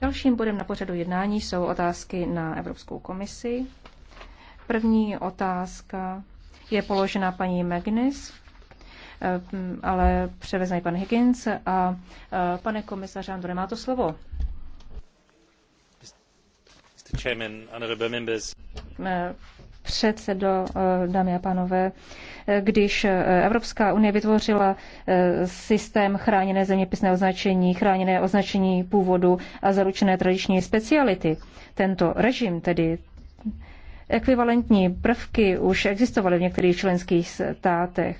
Dalším bodem na pořadu jednání jsou otázky na Evropskou komisi. První otázka je položena paní Magnis, eh, ale převezme pan Higgins. A eh, pane komisaře Andore, má to slovo. Mr. Chairman, předsedo, eh, dámy a pánové, eh, když eh, Evropská unie vytvořila systém chráněné zeměpisné označení, chráněné označení původu a zaručené tradiční speciality, tento režim tedy ekvivalentní prvky už existovaly v některých členských státech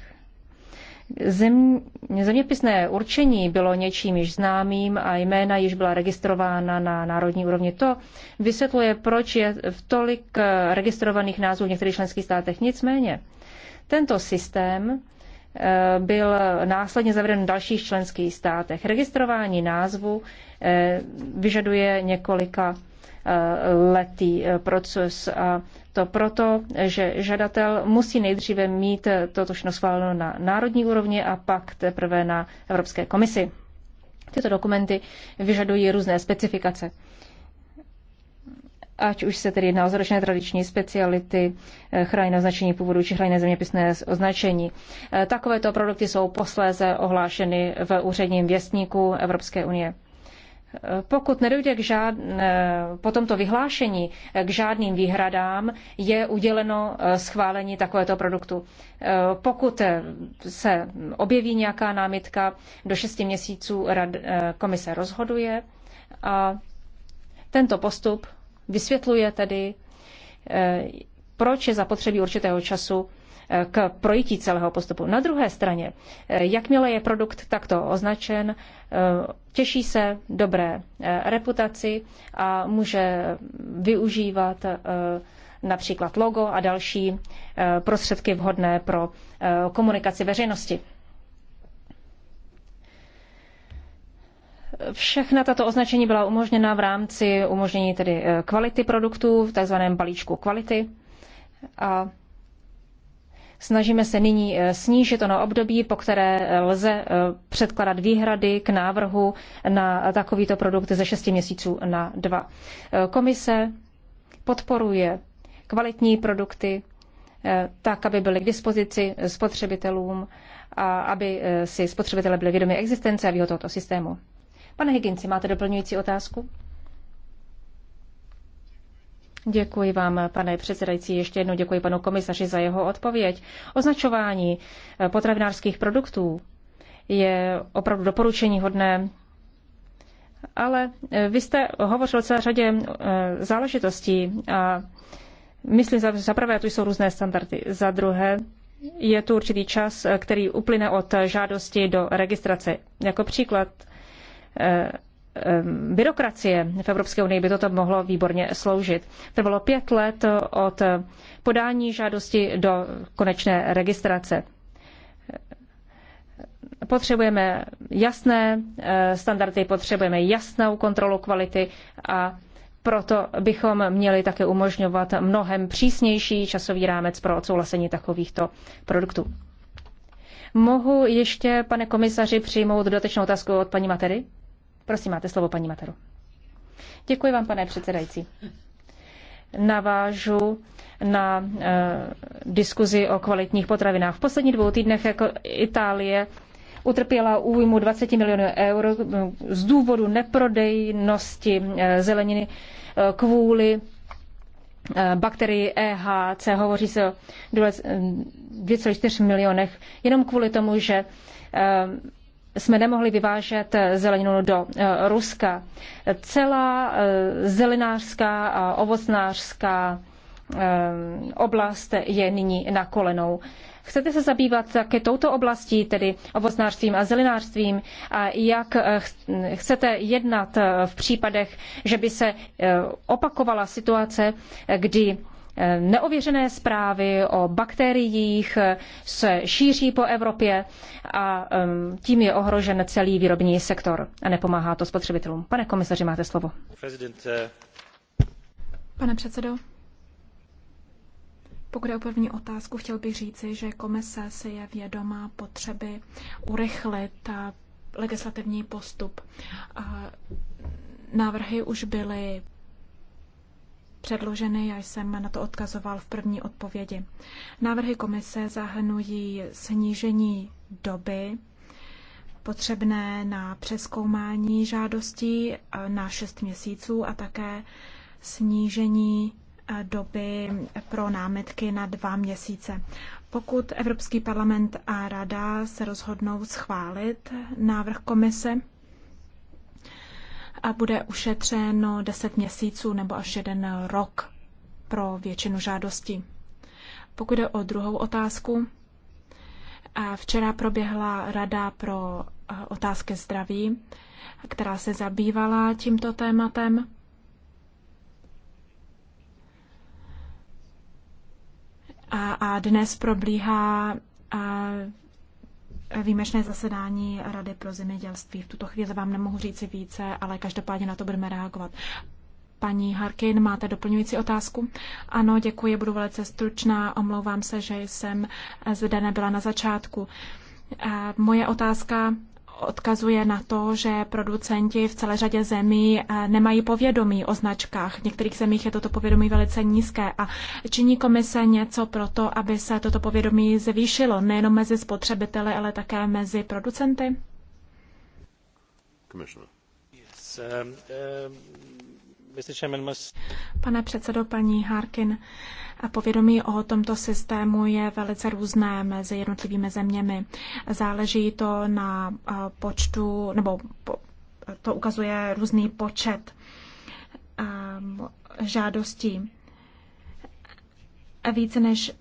Zem, zeměpisné určení bylo něčím již známým a jména již byla registrována na národní úrovni. To vysvětluje, proč je v tolik eh, registrovaných názvů v některých členských státech. Nicméně, tento systém eh, byl následně zaveden v dalších členských státech. Registrování názvu eh, vyžaduje několika letý proces a to proto, že žadatel musí nejdříve mít toto všechno schváleno na národní úrovni a pak teprve na Evropské komisi. Tyto dokumenty vyžadují různé specifikace ať už se tedy jedná o zoročné tradiční speciality, eh, chráněné označení původu či chráněné zeměpisné označení. Eh, takovéto produkty jsou posléze ohlášeny v úředním věstníku Evropské unie. Pokud nedojde k žád... po tomto vyhlášení k žádným výhradám, je uděleno eh, schválení takovéto produktu. Eh, pokud eh, se objeví nějaká námitka, do 6 měsíců rad... komise rozhoduje a tento postup vysvětluje tedy, proč je zapotřebí určitého času k projití celého postupu. Na druhé straně, eh, jakmile je produkt takto označen, eh, těší se dobré eh, reputaci a může využívat například logo a další prostředky vhodné pro komunikaci veřejnosti. Všechna tato označení byla umožněna v rámci umožnění tedy kvality produktů v tzv. balíčku kvality. A Snažíme se nyní eh, snížit ono období, po které eh, lze eh, předkladat výhrady k návrhu na takovýto produkt ze 6 měsíců na 2. Komise podporuje kvalitní produkty, tak, aby byly k dispozici spotřebitelům a aby si spotřebitelé byli vědomi existence a výhod tohoto systému. Pane Higinci, máte doplňující otázku? Děkuji vám, pane předsedající. Ještě jednou děkuji panu komisaři za jeho odpověď. Označování eh, potravinářských produktů je opravdu doporučení hodné ale eh, vy jste hovořil o celé řadě eh, záležitostí a myslím, že za prvé tu jsou různé standardy, za druhé je tu určitý čas, který uplyne od žádosti do registrace. Jako příklad byrokracie v Evropské unii by toto mohlo výborně sloužit. Trvalo pět let od podání žádosti do konečné registrace. Potřebujeme jasné eh, standardy, potřebujeme jasnou kontrolu kvality a proto bychom měli také umožňovat mnohem přísnější časový rámec pro odsouhlasení takovýchto produktů. Mohu ještě, pane komisaři, přijmout dotečnou otázku od paní Matery? Prosím, máte slovo, paní Mataru. Děkuji vám, pane předsedající. Navážu na e, diskuzi o kvalitních potravinách. V posledních dvou týdnech jako Itálie utrpěla újmu 20 milionů eur eh, z důvodu neprodejnosti eh, zeleniny kvůli bakterii EHC. Hovoří se o 2,4 milionech jenom kvůli tomu, že jsme nemohli vyvážet zeleninu do eh, Ruska. Celá eh, zelenářská a ovocnářská eh, oblast je nyní na kolenou. Chcete se zabývat také touto oblastí, tedy ovocnářstvím a zelenářstvím, a jak chcete jednat v případech, že by se opakovala situace, kdy Eh, neověřené zprávy o bakteriích eh, se šíří po Evropě a ehm, tím je ohrožen celý výrobní sektor a nepomáhá to spotřebitelům. Pane komisaři, máte slovo. Eh, Pane předsedo, pokud je o první otázku, chtěl bych říci, že komise si je vědomá potřeby urychlit legislativní postup. Návrhy už byly předloženy, já jsem na to odkazoval v první odpovědi. Návrhy komise zahrnují snížení doby potřebné na přeskoumání žádostí na 6 měsíců a také snížení eh, doby pro námitky na dva měsíce. Pokud Evropský parlament a Rada se rozhodnou schválit návrh komise, a bude ušetřeno 10 měsíců nebo až jeden rok pro většinu žádostí. Pokud jde o druhou otázku, včera proběhla Rada pro eh, otázky zdraví, která se zabývala tímto tématem. A, a dnes probíhá výjimečné zasedání Rady pro zemědělství. V tuto chvíli vám nemohu říci více, ale každopádně na to budeme reagovat. Paní Harkin, máte doplňující otázku? Ano, děkuji, budu velice stručná. Omlouvám se, že jsem zde nebyla na začátku. Eh, moje otázka odkazuje na to, že producenti v celé řadě zemí eh, nemají povědomí o značkách. V některých zemích je toto povědomí velice nízké a činí komise něco pro to, aby se toto povědomí zvýšilo nejenom mezi spotřebiteli, ale také mezi producenty? Um, um, Pane předsedo, paní Harkin, a povědomí o tomto systému je velice různé mezi jednotlivými zeměmi. Záleží to na eh, počtu, nebo to ukazuje různý počet eh, žádostí. Více než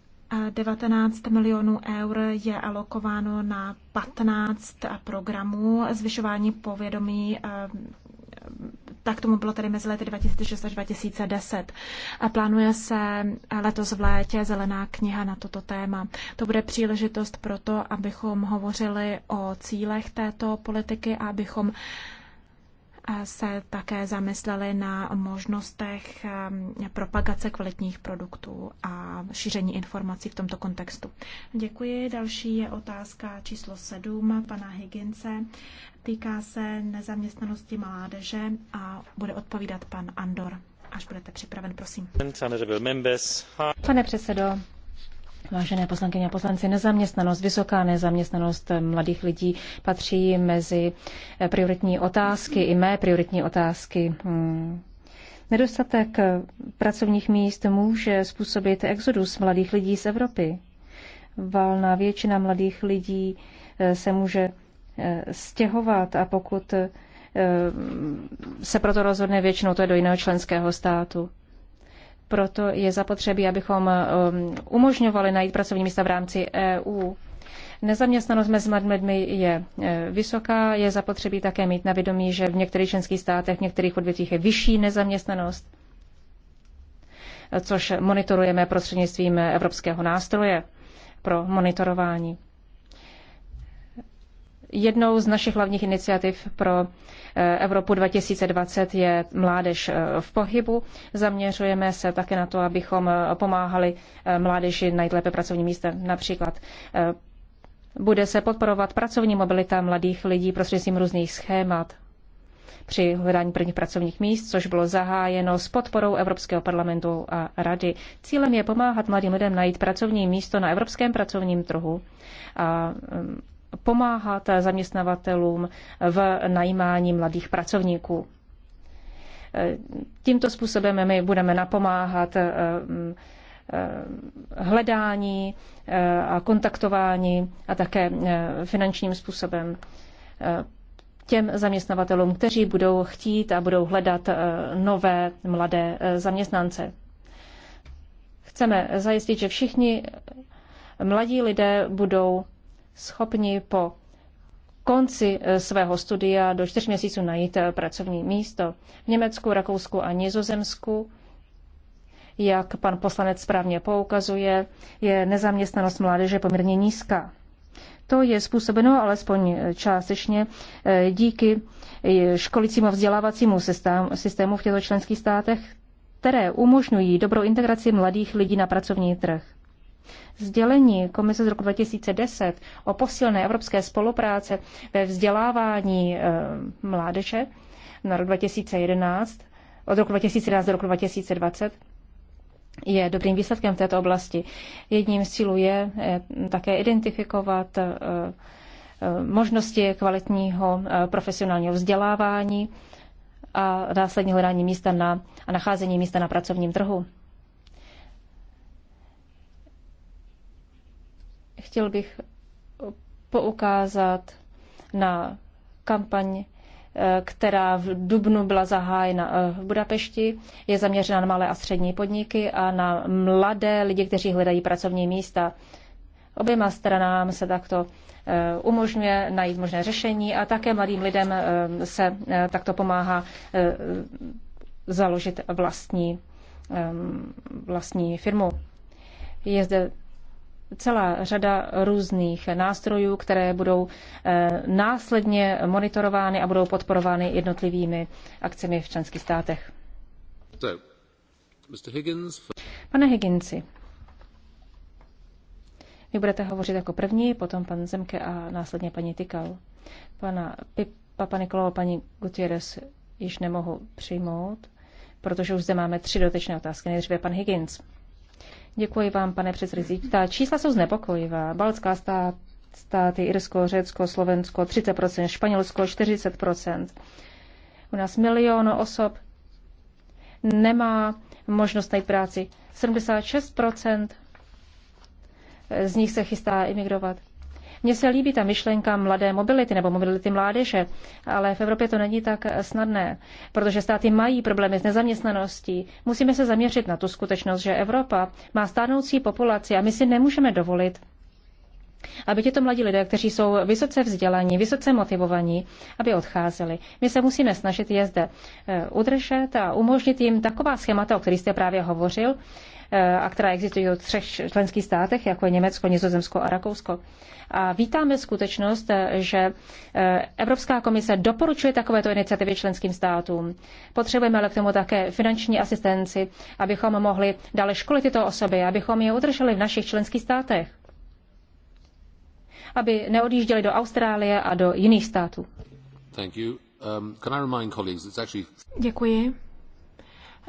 19 eh, milionů eur je alokováno na 15 programů zvyšování povědomí tak tomu bylo tedy mezi lety 2006 až 2010. A plánuje se letos v létě zelená kniha na toto téma. To bude příležitost pro to, abychom hovořili o cílech této politiky a abychom se také zamysleli na možnostech um, propagace kvalitních produktů a šíření informací v tomto kontextu. Děkuji. Další je otázka číslo 7 pana Higince. Týká se nezaměstnanosti mládeže a bude odpovídat pan Andor. Až budete připraven, prosím. Pane předsedo, Vážené poslankyně a poslanci, nezaměstnanost, vysoká nezaměstnanost mladých lidí patří mezi prioritní otázky, i mé prioritní otázky. Hmm. Nedostatek pracovních míst může způsobit exodus mladých lidí z Evropy. Valná většina mladých lidí eh, se může eh, stěhovat a pokud eh, se proto rozhodne většinou, to je do jiného členského státu. Proto je zapotřebí, abychom um, umožňovali najít pracovní místa v rámci EU. Nezaměstnanost mezi lidmi je e, vysoká, je zapotřebí také mít na vědomí, že v některých členských státech, v některých odvětvích je vyšší nezaměstnanost, což monitorujeme prostřednictvím evropského nástroje pro monitorování. Jednou z našich hlavních iniciativ pro eh, Evropu 2020 je Mládež eh, v pohybu. Zaměřujeme se také na to, abychom eh, pomáhali mládeži najít lépe pracovní místa. Například bude se podporovat pracovní mobilita mladých lidí prostřednictvím různých schémat při hledání prvních pracovních míst, což bylo zahájeno s podporou Evropského parlamentu a rady. Cílem je pomáhat mladým lidem najít pracovní místo na evropském pracovním trhu a mm, pomáhat zaměstnavatelům v najímání mladých pracovníků. Tímto způsobem my budeme napomáhat eh, mm, eh, hledání eh, a kontaktování a také finančním způsobem těm zaměstnavatelům, kteří budou chtít a budou hledat nové mladé zaměstnance. Chceme zajistit, že všichni mladí lidé budou schopni po konci eh, svého studia do čtyř měsíců najít eh, pracovní místo. V Německu, Rakousku a Nizozemsku, jak pan poslanec správně poukazuje, je nezaměstnanost mládeže poměrně nízká. To je způsobeno alespoň eh, částečně díky školicímu vzdělávacímu systému v těchto členských státech, které umožňují dobrou integraci mladých lidí na pracovní trh. Sdělení Komise z roku 2010 o posilné evropské spolupráce ve vzdělávání eh, mládeže na rok 2011, od roku 2011 do roku 2020, je dobrým výsledkem v této oblasti. Jedním z cílů je eh, také identifikovat eh, možnosti kvalitního profesionálního vzdělávání a následně hledání místa na, a nacházení místa na pracovním trhu. Chtěl bych poukázat na kampaň, eh, která v Dubnu byla zahájena eh, v Budapešti. Je zaměřena na malé a střední podniky a na mladé lidi, kteří hledají pracovní místa. Oběma stranám se takto eh, umožňuje najít možné řešení a také mladým lidem se takto pomáhá založit vlastní, vlastní firmu. Je zde celá řada různých nástrojů, které budou eh, následně monitorovány a budou podporovány jednotlivými akcemi v členských státech. Pane Higginsi, vy budete hovořit jako první, potom pan Zemke a následně paní Tykal. Pana Pipa, pane Kolo, paní Gutierrez již nemohu přijmout, protože už zde máme tři dotečné otázky. Nejdříve pan Higgins. Děkuji vám, pane předsedající. Ta čísla jsou znepokojivá. Balcká stát, státy Irsko, Řecko, Slovensko 30%, Španělsko 40%. U nás milion osob nemá možnost najít práci. 76% z nich se chystá imigrovat. Mně se líbí ta myšlenka mladé mobility nebo mobility mládeže, ale v Evropě to není tak snadné, protože státy mají problémy s nezaměstnaností. Musíme se zaměřit na tu skutečnost, že Evropa má stárnoucí populaci a my si nemůžeme dovolit aby těto mladí lidé, kteří jsou vysoce vzdělaní, vysoce motivovaní, aby odcházeli. My se musíme snažit je zde eh, udržet a umožnit jim taková schémata, o kterých jste právě hovořil, Eh, a která existují v třech členských státech, jako je Německo, Nizozemsko a Rakousko. A vítáme skutečnost, že eh, Evropská komise doporučuje takovéto iniciativy členským státům. Potřebujeme ale k tomu také finanční asistenci, abychom mohli dále školit tyto osoby, abychom je udrželi v našich členských státech aby neodjížděli do Austrálie a do jiných států. Um, actually... Děkuji.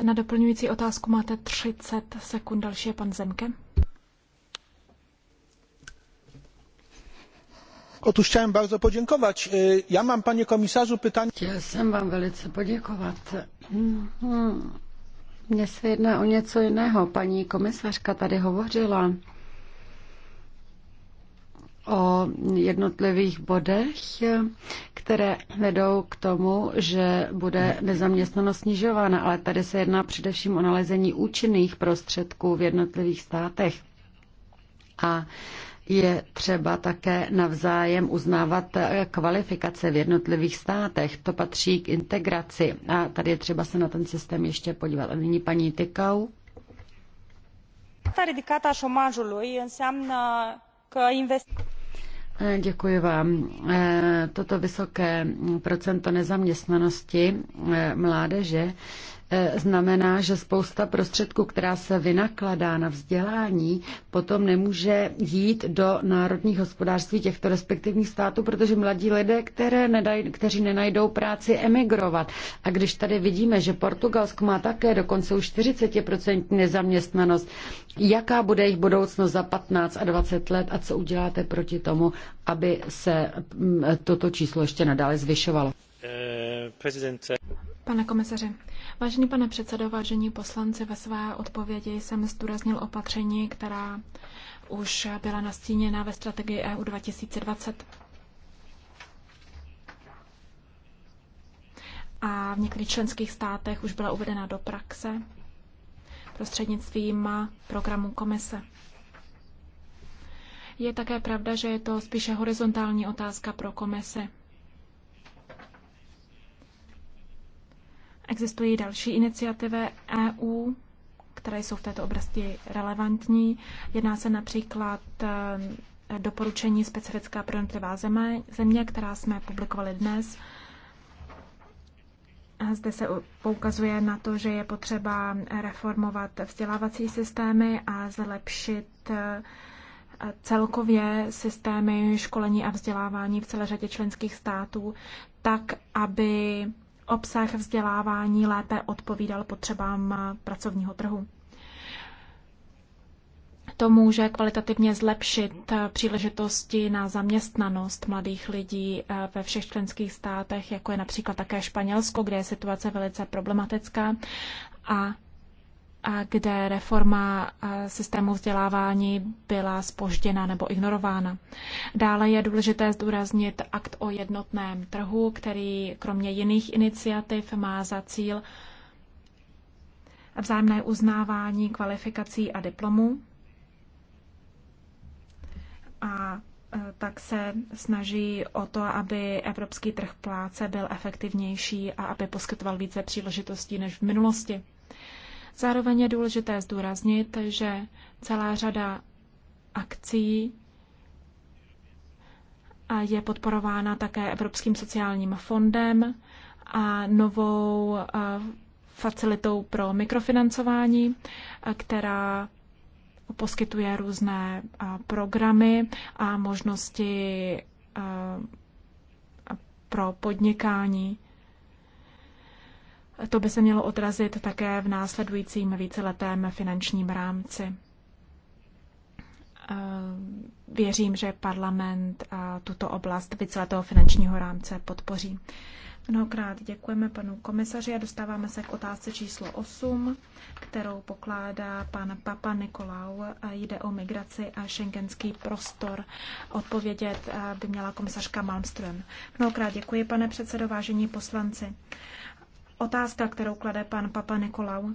Na doplňující otázku máte 30 sekund. Další je pan Zemke. Otóż chciałem bardzo podziękować. E, ja mam, panie komisarzu, pytanie... Chtěl jsem vám velice poděkovat. Mhm. Mně jedna o něco jiného. Paní komisařka tady hovořila o jednotlivých bodech, které vedou k tomu, že bude nezaměstnanost snižována, ale tady se jedná především o nalezení účinných prostředků v jednotlivých státech. A je třeba také navzájem uznávat kvalifikace v jednotlivých státech. To patří k integraci a tady je třeba se na ten systém ještě podívat. A nyní paní Tykau. Ta ridicată šomážu șomajului înseamnă că investiții Eh, děkuji vám. Eh, toto vysoké procento nezaměstnanosti eh, mládeže E, znamená, že spousta prostředků, která se vynakladá na vzdělání, potom nemůže jít do národních hospodářství těchto respektivních států, protože mladí lidé, které nedaj, kteří nenajdou práci, emigrovat. A když tady vidíme, že Portugalsko má také dokonce už 40% nezaměstnanost, jaká bude jejich budoucnost za 15 a 20 let a co uděláte proti tomu, aby se mm, e, toto číslo ještě nadále zvyšovalo? Eh, Pane komisaři, vážený pane předsedo, vážení poslanci, ve své odpovědi jsem zdůraznil opatření, která už byla nastíněna ve strategii EU 2020. A v některých členských státech už byla uvedena do praxe prostřednictvím programu komise. Je také pravda, že je to spíše horizontální otázka pro komise Existují další iniciativy EU, které jsou v této oblasti relevantní. Jedná se například eh, doporučení specifická pro jednotlivá země, země, která jsme publikovali dnes. Zde se poukazuje na to, že je potřeba reformovat vzdělávací systémy a zlepšit eh, celkově systémy školení a vzdělávání v celé řadě členských států, tak aby obsah vzdělávání lépe odpovídal potřebám pracovního trhu. To může kvalitativně zlepšit příležitosti na zaměstnanost mladých lidí eh, ve všech členských státech, jako je například také Španělsko, kde je situace velice problematická a kde reforma systému vzdělávání byla spožděna nebo ignorována. Dále je důležité zdůraznit akt o jednotném trhu, který kromě jiných iniciativ má za cíl vzájemné uznávání kvalifikací a diplomů. A e, tak se snaží o to, aby evropský trh práce byl efektivnější a aby poskytoval více příležitostí než v minulosti. Zároveň je důležité zdůraznit, že celá řada akcí je podporována také Evropským sociálním fondem a novou facilitou pro mikrofinancování, která poskytuje různé programy a možnosti pro podnikání. To by se mělo odrazit také v následujícím víceletém finančním rámci. Eh, věřím, že parlament eh, tuto oblast víceletého finančního rámce podpoří. Mnohokrát děkujeme panu komisaři a dostáváme se k otázce číslo 8, kterou pokládá pan Papa Nikolau. Eh, jde o migraci a šengenský prostor. Odpovědět by měla komisařka Malmström. Mnohokrát děkuji, pane předsedo, vážení poslanci. Otázka, kterou klade pan Papa Nikolau,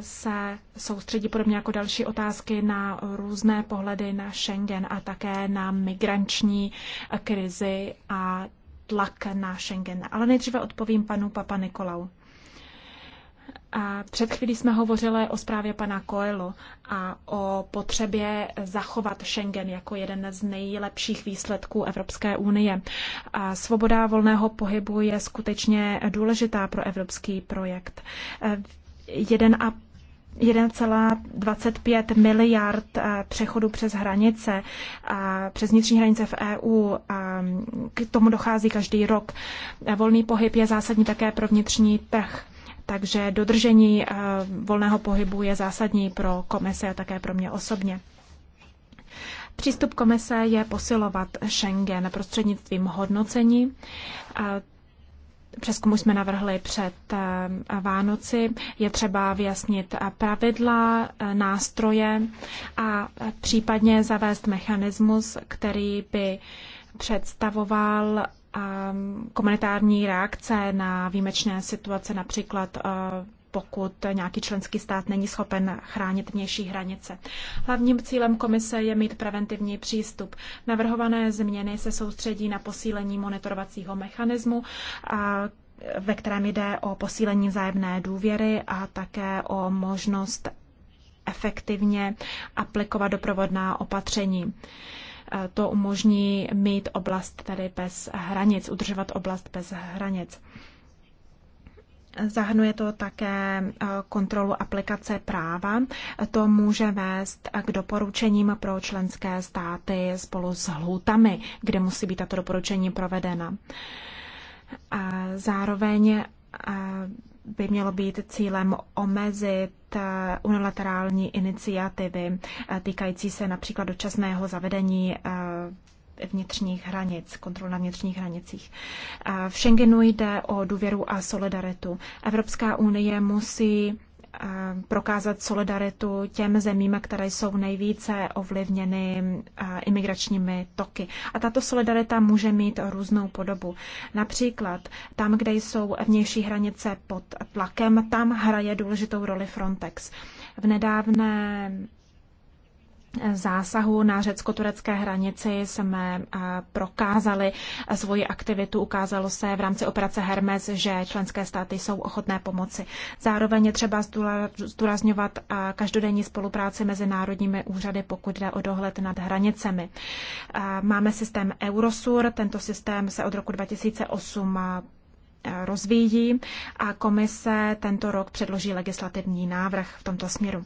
se soustředí podobně jako další otázky na různé pohledy na Schengen a také na migranční krizi a tlak na Schengen. Ale nejdříve odpovím panu Papa Nikolau. A před chvílí jsme hovořili o zprávě pana Coelho a o potřebě zachovat Schengen jako jeden z nejlepších výsledků Evropské unie. A svoboda volného pohybu je skutečně důležitá pro evropský projekt. Jeden a 1,25 miliard eh, přechodů přes hranice, eh, přes vnitřní hranice v EU. Eh, k tomu dochází každý rok. Volný pohyb je zásadní také pro vnitřní trh. Takže dodržení eh, volného pohybu je zásadní pro komise a také pro mě osobně. Přístup komise je posilovat Schengen prostřednictvím hodnocení. Eh, přeskumu jsme navrhli před eh, Vánoci. Je třeba vyjasnit pravidla, nástroje a případně zavést mechanismus, který by představoval Mm, komunitární reakce na výjimečné situace, například e, pokud nějaký členský stát není schopen chránit vnější hranice. Hlavním cílem komise je mít preventivní přístup. Navrhované změny se soustředí na posílení monitorovacího mechanismu, ve kterém jde o posílení vzájemné důvěry a také o možnost efektivně aplikovat doprovodná opatření. To umožní mít oblast tedy bez hranic, udržovat oblast bez hranic. Zahrnuje to také e, kontrolu aplikace práva. To může vést k doporučením pro členské státy spolu s hlutami, kde musí být tato doporučení provedena. A zároveň e, by mělo být cílem omezit eh, unilaterální iniciativy eh, týkající se například dočasného zavedení eh, vnitřních hranic, kontrol na vnitřních hranicích. V Schengenu jde o důvěru a solidaritu. Evropská unie musí Eh, prokázat solidaritu těm zemím, které jsou nejvíce ovlivněny eh, imigračními toky. A tato solidarita může mít různou podobu. Například tam, kde jsou vnější hranice pod tlakem, tam hraje důležitou roli Frontex. V nedávné zásahu na řecko-turecké hranici jsme eh, prokázali svoji aktivitu. Ukázalo se v rámci operace Hermes, že členské státy jsou ochotné pomoci. Zároveň je třeba zdůrazňovat eh, každodenní spolupráci mezi národními úřady, pokud jde o dohled nad hranicemi. Eh, máme systém Eurosur, tento systém se od roku 2008 rozvíjí a komise tento rok předloží legislativní návrh v tomto směru.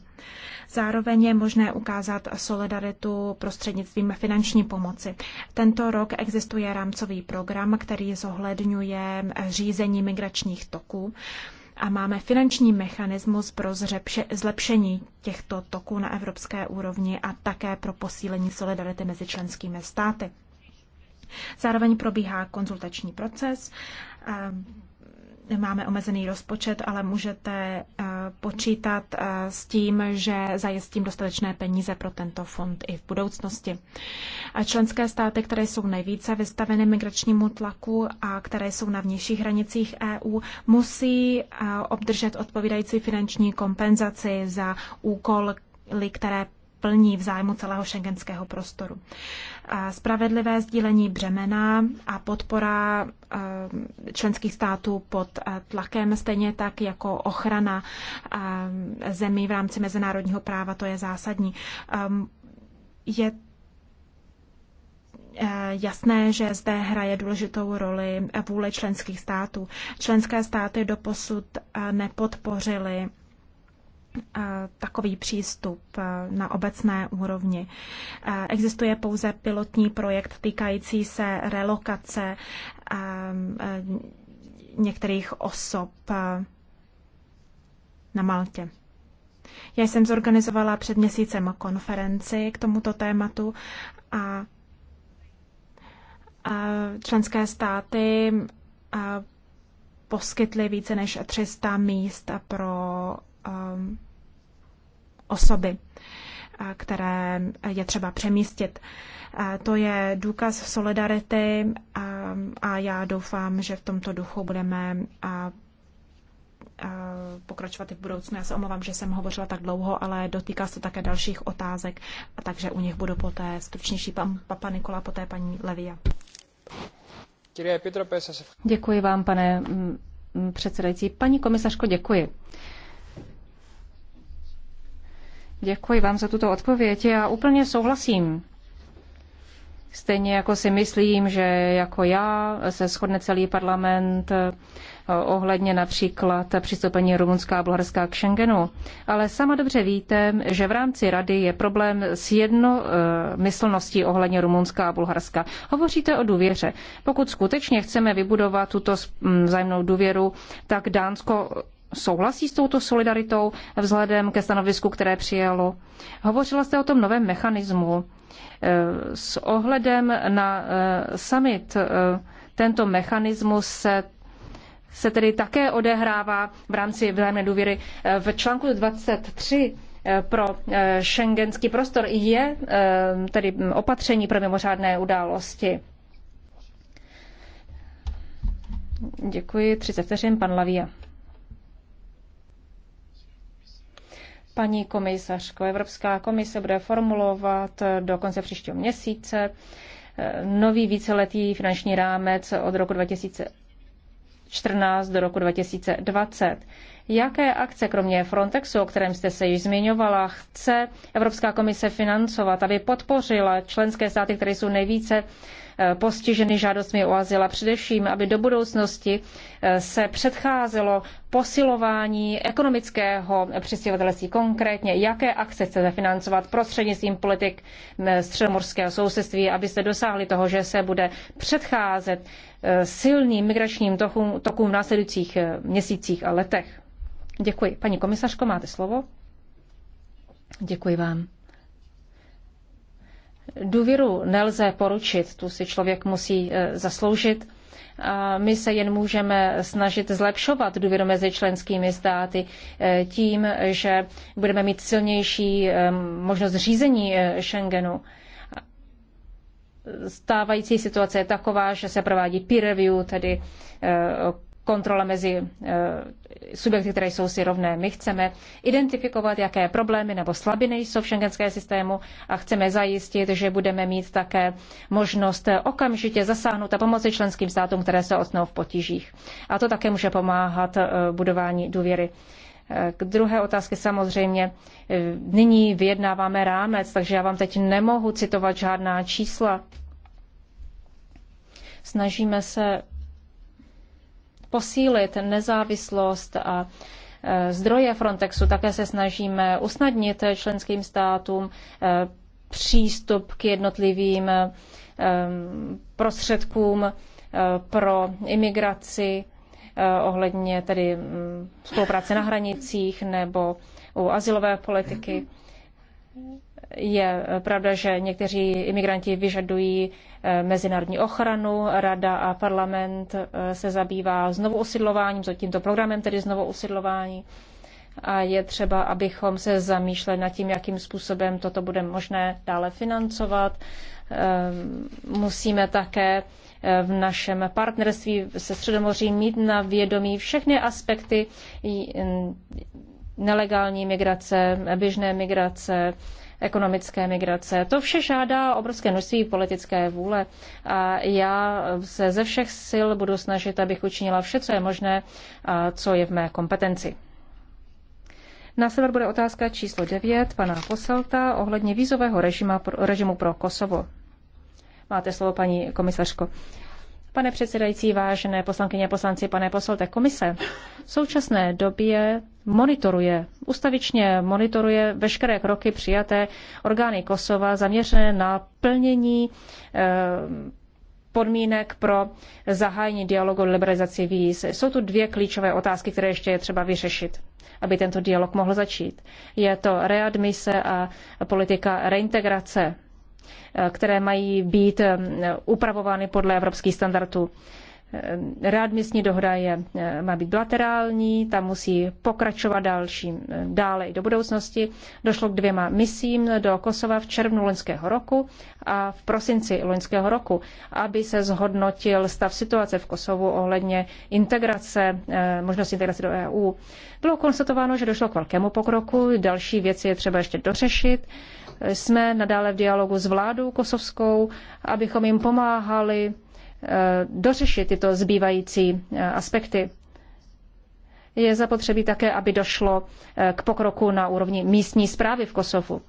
Zároveň je možné ukázat solidaritu prostřednictvím finanční pomoci. Tento rok existuje rámcový program, který zohledňuje řízení migračních toků a máme finanční mechanismus pro zlepšení těchto toků na evropské úrovni a také pro posílení solidarity mezi členskými státy. Zároveň probíhá konzultační proces Máme omezený rozpočet, ale můžete eh, počítat eh, s tím, že zajistím dostatečné peníze pro tento fond i v budoucnosti. A členské státy, které jsou nejvíce vystaveny migračnímu tlaku a které jsou na vnějších hranicích EU, musí eh, obdržet odpovídající finanční kompenzaci za úkol, které plní v zájmu celého šengenského prostoru. Spravedlivé sdílení břemena a podpora eh, členských států pod eh, tlakem, stejně tak jako ochrana eh, zemí v rámci mezinárodního práva, to je zásadní. Ehm, je jasné, že zde hraje důležitou roli vůle členských států. Členské státy doposud nepodpořily takový přístup na obecné úrovni. Existuje pouze pilotní projekt týkající se relokace některých osob na Maltě. Já jsem zorganizovala před měsícem konferenci k tomuto tématu a členské státy poskytly více než 300 míst pro Um, osoby, eh, které je třeba přemístit. Eh, to je důkaz solidarity eh, a já doufám, že v tomto duchu budeme pokračovat i v budoucnu. Já se omlouvám, že jsem hovořila tak dlouho, ale dotýká se to také dalších otázek, a takže u nich budu poté stručnější. Pan Papa Nikola, poté paní Levia. Děkuji vám, pane mm, předsedající. Paní komisařko, děkuji. Děkuji vám za tuto odpověď. Já úplně souhlasím. Stejně jako si myslím, že jako já se shodne celý parlament eh, ohledně například přistoupení Rumunská a Bulharská k Schengenu. Ale sama dobře víte, že v rámci rady je problém s jednomyslností ohledně Rumunská a Bulharska. Hovoříte o důvěře. Pokud skutečně chceme vybudovat tuto vzájemnou důvěru, tak Dánsko souhlasí s touto solidaritou vzhledem ke stanovisku, které přijalo. Hovořila jste o tom novém mechanismu. E, s ohledem na e, summit e, tento mechanismus se se tedy také odehrává v rámci vzájemné důvěry. V článku 23 pro šengenský prostor je tedy opatření pro mimořádné události. Děkuji. 30 vteřin, pan Lavia. Paní komisařko, Evropská komise bude formulovat do konce příštího měsíce eh, nový víceletý finanční rámec od roku 2014 do roku 2020. Jaké akce, kromě Frontexu, o kterém jste se již zmiňovala, chce Evropská komise financovat, aby podpořila členské státy, které jsou nejvíce Eh, postiženy žádostmi o azyl a především, aby do budoucnosti eh, se předcházelo posilování ekonomického přistěhovatelství. Konkrétně, jaké akce chcete financovat prostřednictvím politik eh, středomorského sousedství, abyste dosáhli toho, že se bude předcházet silným migračním tokům, tokům v následujících měsících a letech. Děkuji. Paní komisařko, máte slovo. Děkuji vám. Důvěru nelze poručit, tu si člověk musí e, zasloužit. A my se jen můžeme snažit zlepšovat důvěru mezi členskými státy e, tím, že budeme mít silnější e, možnost řízení Schengenu. Stávající situace je taková, že se provádí peer review, tedy kontrola mezi eh, subjekty, které jsou si rovné. My chceme identifikovat, jaké problémy nebo slabiny jsou v šengenském systému a chceme zajistit, že budeme mít také možnost okamžitě zasáhnout a pomoci členským státům, které se ocnou v potížích. A to také může pomáhat eh, budování důvěry. Eh, k druhé otázky samozřejmě. Nyní vyjednáváme rámec, takže já vám teď nemohu citovat žádná čísla. Snažíme se posílit nezávislost a e, zdroje Frontexu. Také se snažíme usnadnit členským státům e, přístup k jednotlivým e, prostředkům pro imigraci ohledně tedy spolupráce na hranicích nebo u asilové politiky. Je pravda, že někteří imigranti vyžadují eh, mezinárodní ochranu. Rada a parlament eh, se zabývá znovu osidlováním, tímto programem tedy znovu osidlování. A je třeba, abychom se zamýšleli nad tím, jakým způsobem toto bude možné dále financovat. Eh, musíme také v našem partnerství se Středomořím mít na vědomí všechny aspekty nelegální migrace, běžné migrace, ekonomické migrace. To vše žádá obrovské množství politické vůle a já se ze všech sil budu snažit, abych učinila vše, co je možné a co je v mé kompetenci. Následovat bude otázka číslo 9 pana Poselta ohledně vízového režimu pro Kosovo. Máte slovo, paní komisařko. Pane předsedající, vážené poslankyně a poslanci, pane poslote, komise v současné době monitoruje, ustavičně monitoruje veškeré kroky přijaté orgány Kosova zaměřené na plnění eh, podmínek pro zahájení dialogu o liberalizaci víz. Jsou tu dvě klíčové otázky, které ještě je třeba vyřešit, aby tento dialog mohl začít. Je to readmise a politika reintegrace které mají být eh, upravovány podle evropských standardů. Eh, readmisní dohoda je, eh, má být bilaterální, ta musí pokračovat další, dále i do budoucnosti. Došlo k dvěma misím do Kosova v červnu loňského roku a v prosinci loňského roku, aby se zhodnotil stav situace v Kosovu ohledně integrace, možnosti integrace do EU. Bylo konstatováno, že došlo k velkému pokroku, další věci je třeba ještě dořešit. Jsme nadále v dialogu s vládou kosovskou, abychom jim pomáhali eh, dořešit tyto zbývající eh, aspekty. Je zapotřebí také, aby došlo eh, k pokroku na úrovni místní zprávy v Kosovu.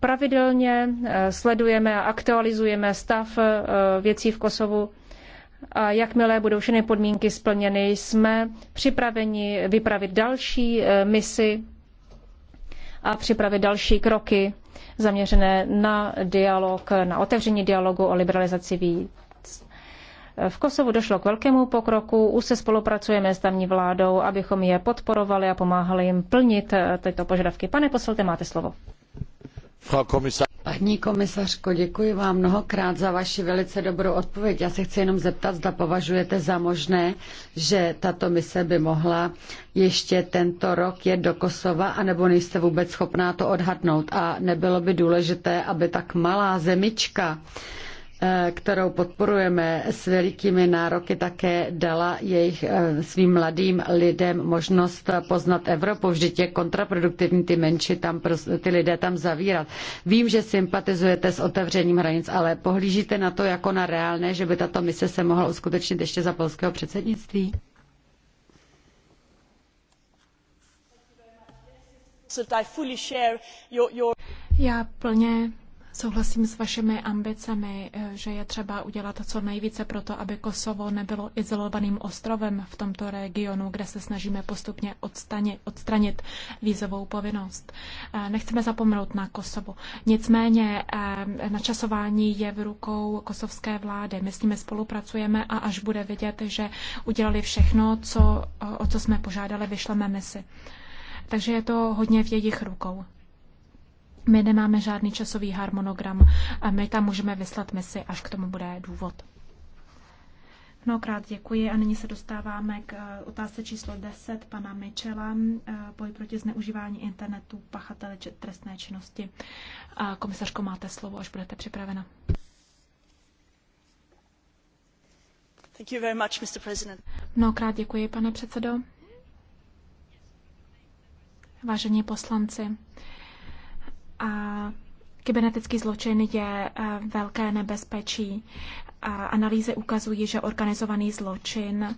Pravidelně sledujeme a aktualizujeme stav věcí v Kosovu. A jakmile budou všechny podmínky splněny, jsme připraveni vypravit další misi a připravit další kroky zaměřené na dialog, na otevření dialogu o liberalizaci víc. V Kosovu došlo k velkému pokroku, už se spolupracujeme s tamní vládou, abychom je podporovali a pomáhali jim plnit eh, tyto požadavky. Pane poselte, máte slovo. Frau Kommissar. Paní komisařko, děkuji vám mnohokrát za vaši velice dobrou odpověď. Já se chci jenom zeptat, zda považujete za možné, že tato mise by mohla ještě tento rok jet do Kosova, anebo nejste vůbec schopná to odhadnout. A nebylo by důležité, aby tak malá zemička, Eh, kterou podporujeme s velikými nároky, také dala jejich eh, svým mladým lidem možnost poznat Evropu. Vždyť je kontraproduktivní ty menší tam, ty lidé tam zavírat. Vím, že sympatizujete s otevřením hranic, ale pohlížíte na to jako na reálné, že by tato mise se mohla uskutečnit ještě za polského předsednictví? Já plně Souhlasím s vašimi ambicemi, eh, že je třeba udělat co nejvíce pro to, aby Kosovo nebylo izolovaným ostrovem v tomto regionu, kde se snažíme postupně odstani, odstranit vízovou povinnost. Eh, nechceme zapomenout na Kosovo. Nicméně eh, načasování je v rukou kosovské vlády. My s nimi spolupracujeme a až bude vidět, že udělali všechno, co, o co jsme požádali, vyšleme misi. Takže je to hodně v jejich rukou. My nemáme žádný časový harmonogram a my tam můžeme vyslat misi, až k tomu bude důvod. Mnohokrát děkuji a nyní se dostáváme k eh, otázce číslo 10 pana Michela, eh, boj proti zneužívání internetu, pachatele či trestné činnosti. Komisařko, máte slovo, až budete připravena. Thank you very much, Mr. President. Mnohokrát děkuji, pane předsedo. Vážení poslanci, a kybernetický zločin je eh, velké nebezpečí. a Analýzy ukazují, že organizovaný zločin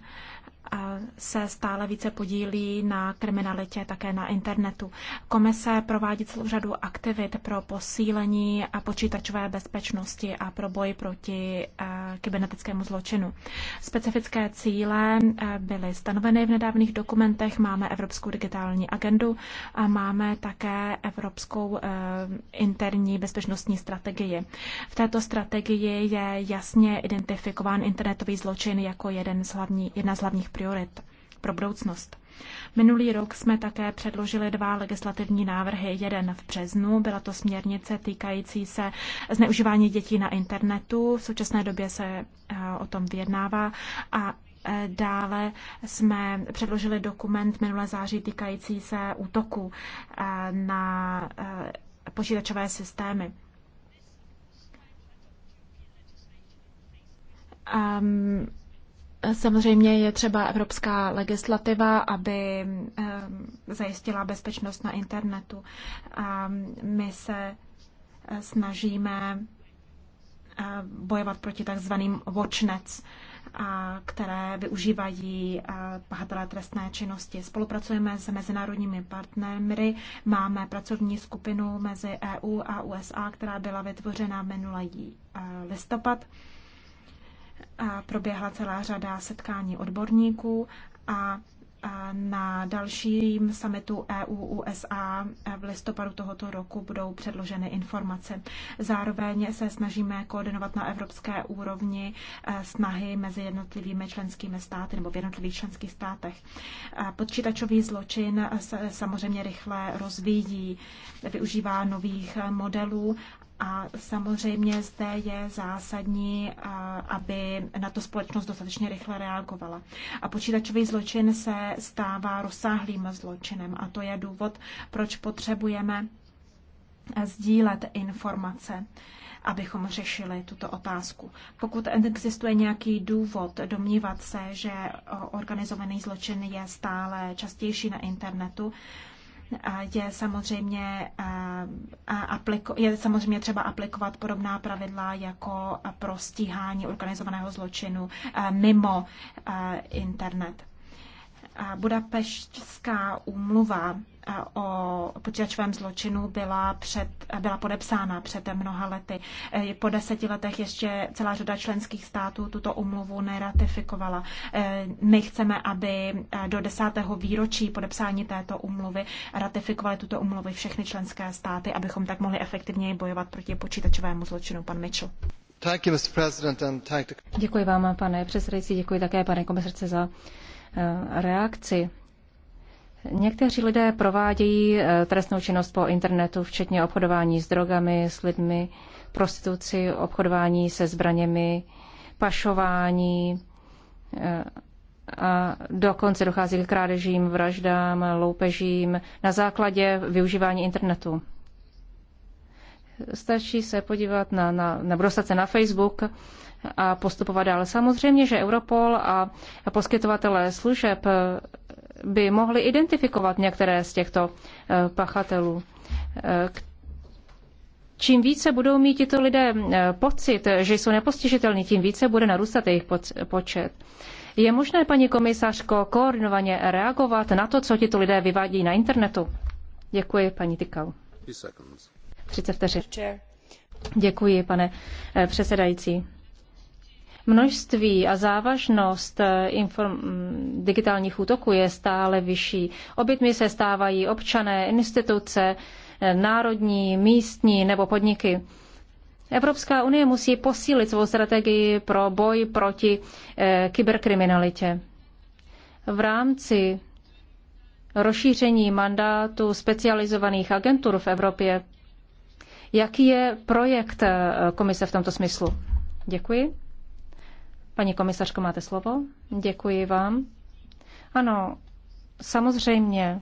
se stále více podílí na kriminalitě také na internetu. Komise provádí celou řadu aktivit pro posílení a počítačové bezpečnosti a pro boj proti eh, kybernetickému zločinu. Specifické cíle eh, byly stanoveny v nedávných dokumentech. Máme Evropskou digitální agendu a máme také Evropskou eh, interní bezpečnostní strategii. V této strategii je jasně identifikován internetový zločin jako jeden z hlavní, jedna z hlavních priorit pro budoucnost. Minulý rok jsme také předložili dva legislativní návrhy. Jeden v březnu, byla to směrnice týkající se zneužívání dětí na internetu. V současné době se eh, o tom vyjednává a eh, Dále jsme předložili dokument minulé září týkající se útoku eh, na počítačové systémy. Um, Samozřejmě je třeba evropská legislativa, aby eh, zajistila bezpečnost na internetu. A my se eh, snažíme eh, bojovat proti takzvaným watchnets, které využívají pachatelé trestné činnosti. Spolupracujeme s mezinárodními partnery, máme pracovní skupinu mezi EU a USA, která byla vytvořena minulý listopad proběhla celá řada setkání odborníků a na dalším summitu EU-USA v listopadu tohoto roku budou předloženy informace. Zároveň se snažíme koordinovat na evropské úrovni e, snahy mezi jednotlivými členskými státy nebo v jednotlivých členských státech. Podčítačový zločin se samozřejmě rychle rozvíjí, využívá nových modelů a samozřejmě zde je zásadní, aby na to společnost dostatečně rychle reagovala. A počítačový zločin se stává rozsáhlým zločinem a to je důvod, proč potřebujeme sdílet informace abychom řešili tuto otázku. Pokud existuje nějaký důvod domnívat se, že organizovaný zločin je stále častější na internetu, je samozřejmě, eh, je samozřejmě třeba aplikovat podobná pravidla jako pro stíhání organizovaného zločinu eh, mimo eh, internet. Budapeštská úmluva o počítačovém zločinu byla, před, byla podepsána před mnoha lety. E, po deseti letech ještě celá řada členských států tuto umluvu neratifikovala. E, my chceme, aby e, do desátého výročí podepsání této umluvy ratifikovaly tuto umluvy všechny členské státy, abychom tak mohli efektivněji bojovat proti počítačovému zločinu. Pan Mitchell. Děkuji vám, pane předsedající, děkuji také, pane komisarce, za Eh, reakci. Někteří lidé provádějí eh, trestnou činnost po internetu, včetně obchodování s drogami, s lidmi, prostituci, obchodování se zbraněmi, pašování eh, a dokonce dochází k krádežím, vraždám, loupežím na základě využívání internetu. Stačí se podívat na, na, nebo dostat se na Facebook, a postupovat dále. Samozřejmě, že Europol a poskytovatelé služeb eh, by mohli identifikovat některé z těchto eh, pachatelů. Eh, čím více budou mít tito lidé pocit, že jsou nepostižitelní, tím více bude narůstat jejich počet. Je možné, paní komisařko, koordinovaně reagovat na to, co tito lidé vyvádí na internetu? Děkuji, paní Tykal. 30 vteřin. Děkuji, pane předsedající. Množství a závažnost eh, inform- mm, digitálních útoků je stále vyšší. Obytmi se stávají občané, instituce, eh, národní, místní nebo podniky. Evropská unie musí posílit svou strategii pro boj proti eh, kyberkriminalitě. V rámci rozšíření mandátu specializovaných agentur v Evropě, jaký je projekt eh, komise v tomto smyslu? Děkuji. Paní komisařko, máte slovo. Děkuji vám. Ano, samozřejmě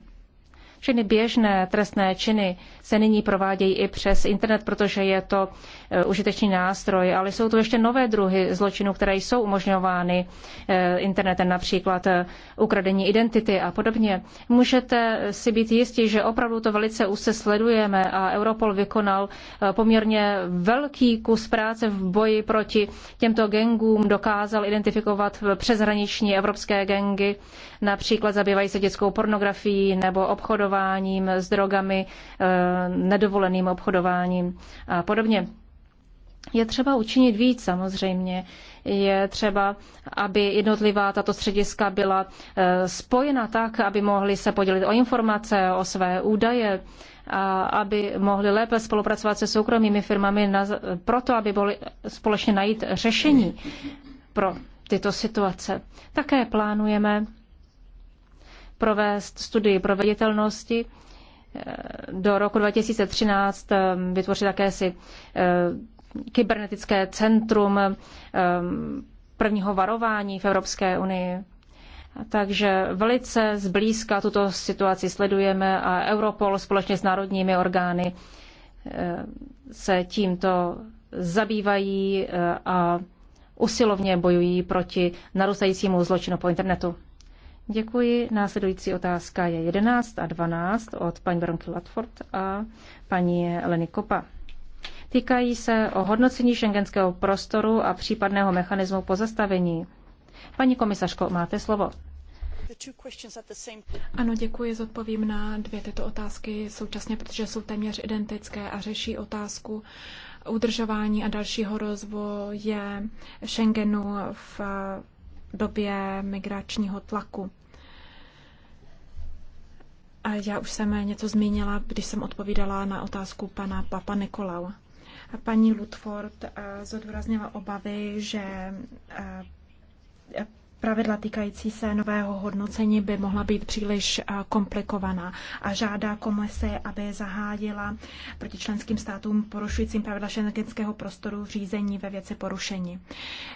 všechny běžné trestné činy se nyní provádějí i přes internet, protože je to e, užitečný nástroj, ale jsou to ještě nové druhy zločinů, které jsou umožňovány e, internetem, například e, ukradení identity a podobně. Můžete si být jistí, že opravdu to velice úzce sledujeme a Europol vykonal poměrně velký kus práce v boji proti těmto gengům, dokázal identifikovat přeshraniční evropské gengy, například zabývají se dětskou pornografií nebo obchodování obchodováním s drogami, eh, nedovoleným obchodováním a podobně. Je třeba učinit víc samozřejmě. Je třeba, aby jednotlivá tato střediska byla eh, spojena tak, aby mohli se podělit o informace, o své údaje, a aby mohli lépe spolupracovat se soukromými firmami na, proto, aby mohli společně najít řešení pro tyto situace. Také plánujeme provést studii proveditelnosti eh, do roku 2013 eh, vytvořit jakési eh, kybernetické centrum prvního varování v Evropské unii. Takže velice zblízka tuto situaci sledujeme a Europol společně s národními orgány se tímto zabývají a usilovně bojují proti narůstajícímu zločinu po internetu. Děkuji. Následující otázka je 11 a 12 od paní Baronky Latford a paní Leny Kopa. Týkají se o hodnocení šengenského prostoru a případného mechanismu pozastavení. Paní komisařko, máte slovo. Ano, děkuji, zodpovím na dvě tyto otázky současně, protože jsou téměř identické a řeší otázku udržování a dalšího rozvoje Schengenu v době migračního tlaku. A já už jsem něco zmínila, když jsem odpovídala na otázku pana Papa Nikolau. paní Ludford eh, zodvraznila obavy, že eh, pravidla týkající se nového hodnocení by mohla být příliš eh, komplikovaná a žádá komise, aby zahájila proti členským státům porušujícím pravidla šengenského prostoru řízení ve věci porušení.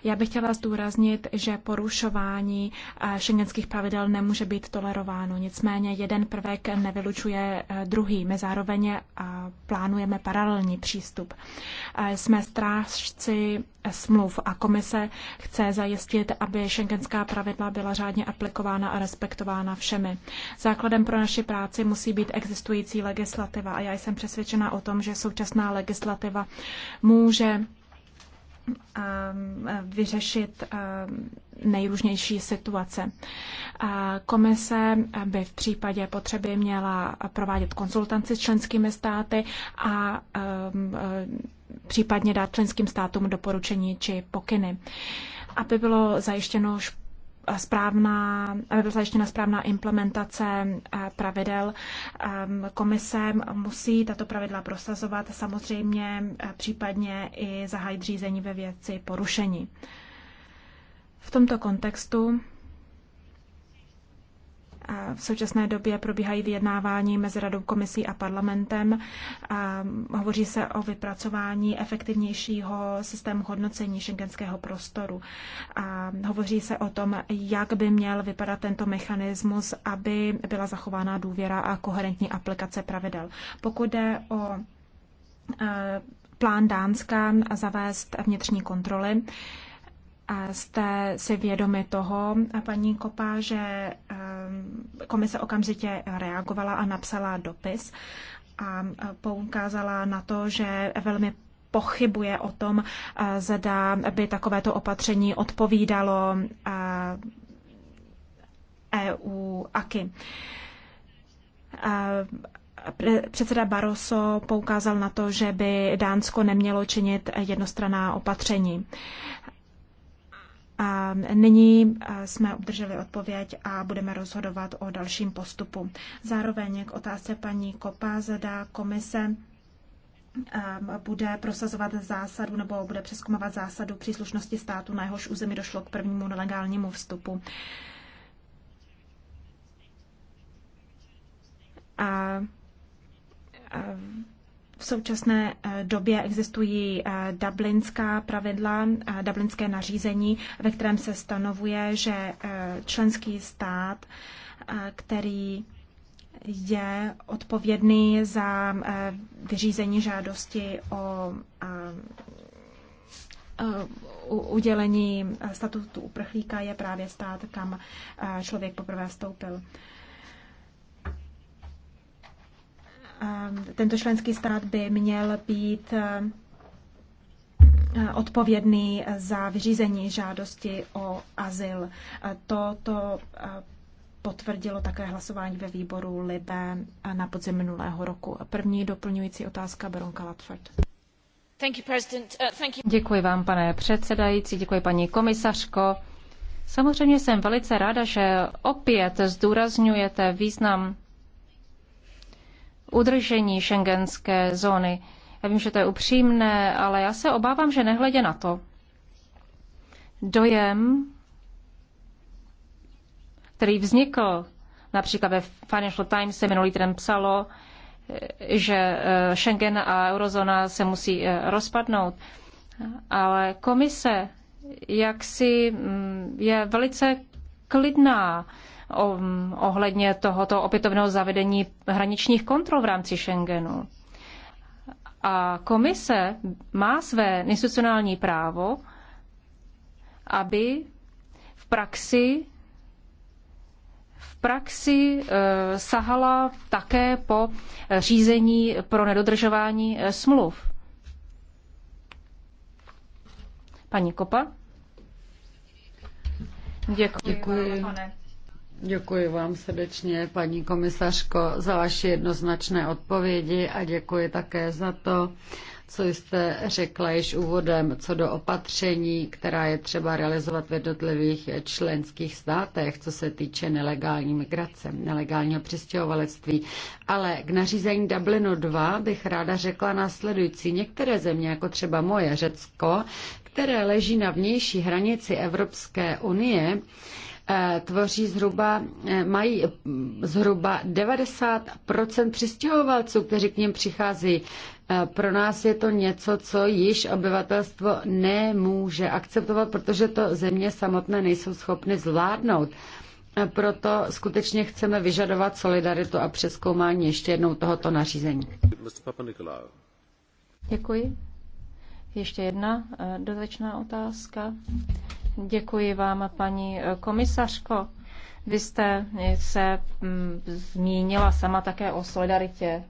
Já bych chtěla zdůraznit, že porušování eh, šengenských pravidel nemůže být tolerováno. Nicméně jeden prvek nevylučuje eh, druhý. My zároveň plánujeme paralelní přístup. Jsme strážci smluv a komise chce zajistit, aby šengenská etická pravidla byla řádně aplikována a respektována všemi. Základem pro naši práci musí být existující legislativa a já jsem přesvědčena o tom, že současná legislativa může um, vyřešit um, nejrůznější situace. Komise by v případě potřeby měla provádět konzultaci s členskými státy a um, případně dát členským státům doporučení či pokyny. Aby bylo zajištěno správná, aby byla zajištěna správná implementace pravidel. Um, komise musí tato pravidla prosazovat, samozřejmě případně i zahájit řízení ve věci porušení. V tomto kontextu v současné době probíhají vyjednávání mezi Radou komisí a parlamentem. Hovoří se o vypracování efektivnějšího systému hodnocení šengenského prostoru. Hovoří se o tom, jak by měl vypadat tento mechanismus, aby byla zachována důvěra a koherentní aplikace pravidel. Pokud jde o e, plán Dánska zavést vnitřní kontroly, jste si vědomi toho, paní Kopa, že ehm, komise okamžitě reagovala a napsala dopis a poukázala na to, že velmi pochybuje o tom, zda by takovéto opatření odpovídalo EU AKY. Předseda Barroso poukázal na to, že by Dánsko nemělo činit jednostranná opatření. A nyní eh, jsme obdrželi odpověď a budeme rozhodovat o dalším postupu. Zároveň k otázce paní Kopa zda komise eh, bude prosazovat zásadu nebo bude přeskumovat zásadu příslušnosti státu, na jehož území došlo k prvnímu nelegálnímu vstupu. A, a v současné eh, době existují eh, dublinská pravidla, eh, dublinské nařízení, ve kterém se stanovuje, že členský stát, který je odpovědný za vyřízení žádosti o udělení statutu uprchlíka, je právě stát, kam člověk poprvé vstoupil. tento členský stát by měl být eh, odpovědný za vyřízení žádosti o azyl. Toto eh, potvrdilo také hlasování ve výboru Libe na podzim minulého roku. První doplňující otázka Baronka Latford. Uh, děkuji vám, pane předsedající, děkuji paní komisařko. Samozřejmě jsem velice ráda, že opět zdůrazňujete význam udržení šengenské zóny. Já vím, že to je upřímné, ale já se obávám, že nehledě na to. Dojem, který vznikl, například ve Financial Times se minulý týden psalo, že eh, Schengen a eurozóna se musí eh, rozpadnout. Ale komise jaksi mm, je velice klidná ohledně tohoto opětovného zavedení hraničních kontrol v rámci Schengenu. A komise má své institucionální právo, aby v praxi v praxi e, sahala také po řízení pro nedodržování e, smluv. Paní Kopa? Děkuji, Děkuji. Pane, Děkuji vám srdečně, paní komisařko, za vaše jednoznačné odpovědi a děkuji také za to, co jste řekla již úvodem, co do opatření, která je třeba realizovat v jednotlivých členských státech, co se týče nelegální migrace, nelegálního přistěhovalectví. Ale k nařízení Dublinu 2 bych ráda řekla následující. Některé země, jako třeba moje Řecko, které leží na vnější hranici Evropské unie, Eh, tvoří zhruba, eh, mají zhruba 90% přistěhovalců, kteří k ním přichází. Eh, pro nás je to něco, co již obyvatelstvo nemůže akceptovat, protože to země samotné nejsou schopny zvládnout. Proto skutečně chceme vyžadovat solidaritu a přeskoumání ještě jednou tohoto nařízení. Děkuji. Ještě jedna dodatečná otázka. Děkuji vám, paní eh, komisařko. Vy jste se mm, zmínila sama také o solidaritě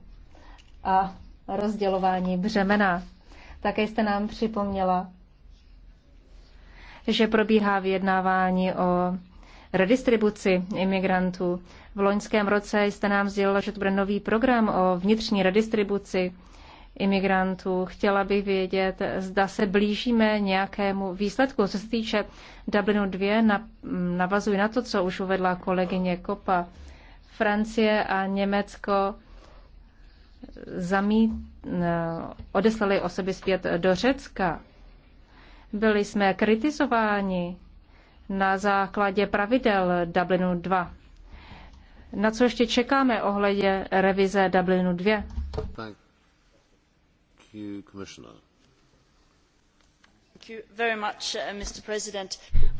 a rozdělování břemena. Také jste nám připomněla, že probíhá vyjednávání o redistribuci imigrantů. V loňském roce jste nám sdělila, že to bude nový program o vnitřní redistribuci imigrantů. Chtěla bych vědět, zda se blížíme nějakému výsledku. Co se týče Dublinu 2, navazuji na to, co už uvedla kolegyně Kopa. Francie a Německo zamít, no, odeslali osoby zpět do Řecka. Byli jsme kritizováni na základě pravidel Dublinu 2. Na co ještě čekáme ohledě revize Dublinu 2? Tak. Uh,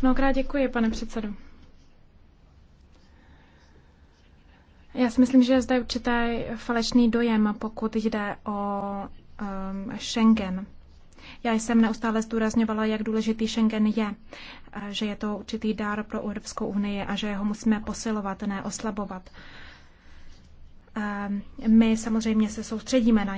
Mnohokrát pane Já si myslím, že je zde určitý falešný dojem, pokud jde o um, Schengen. Já jsem neustále zdůrazňovala, jak důležitý Schengen je, eh, že je to určitý dár pro Evropskou unii a že ho musíme posilovat, ne oslabovat. Uh, Ehm, my samozřejmě se soustředíme na,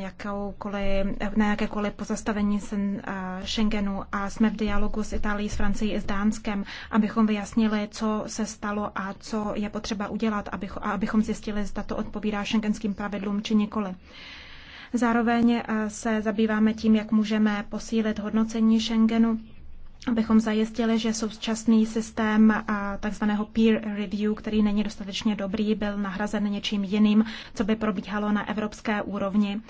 na jakékoliv pozastavení eh, Schengenu a jsme v dialogu s Itálií, s Francií i s Dánskem, abychom vyjasnili, co se stalo a co je potřeba udělat, abychom zjistili, zda to odpovídá šengenským pravidlům či nikoli. Zároveň eh, se zabýváme tím, jak můžeme posílit hodnocení Schengenu abychom zajistili, že současný systém takzvaného peer review, který není dostatečně dobrý, byl nahrazen něčím jiným, co by probíhalo na evropské úrovni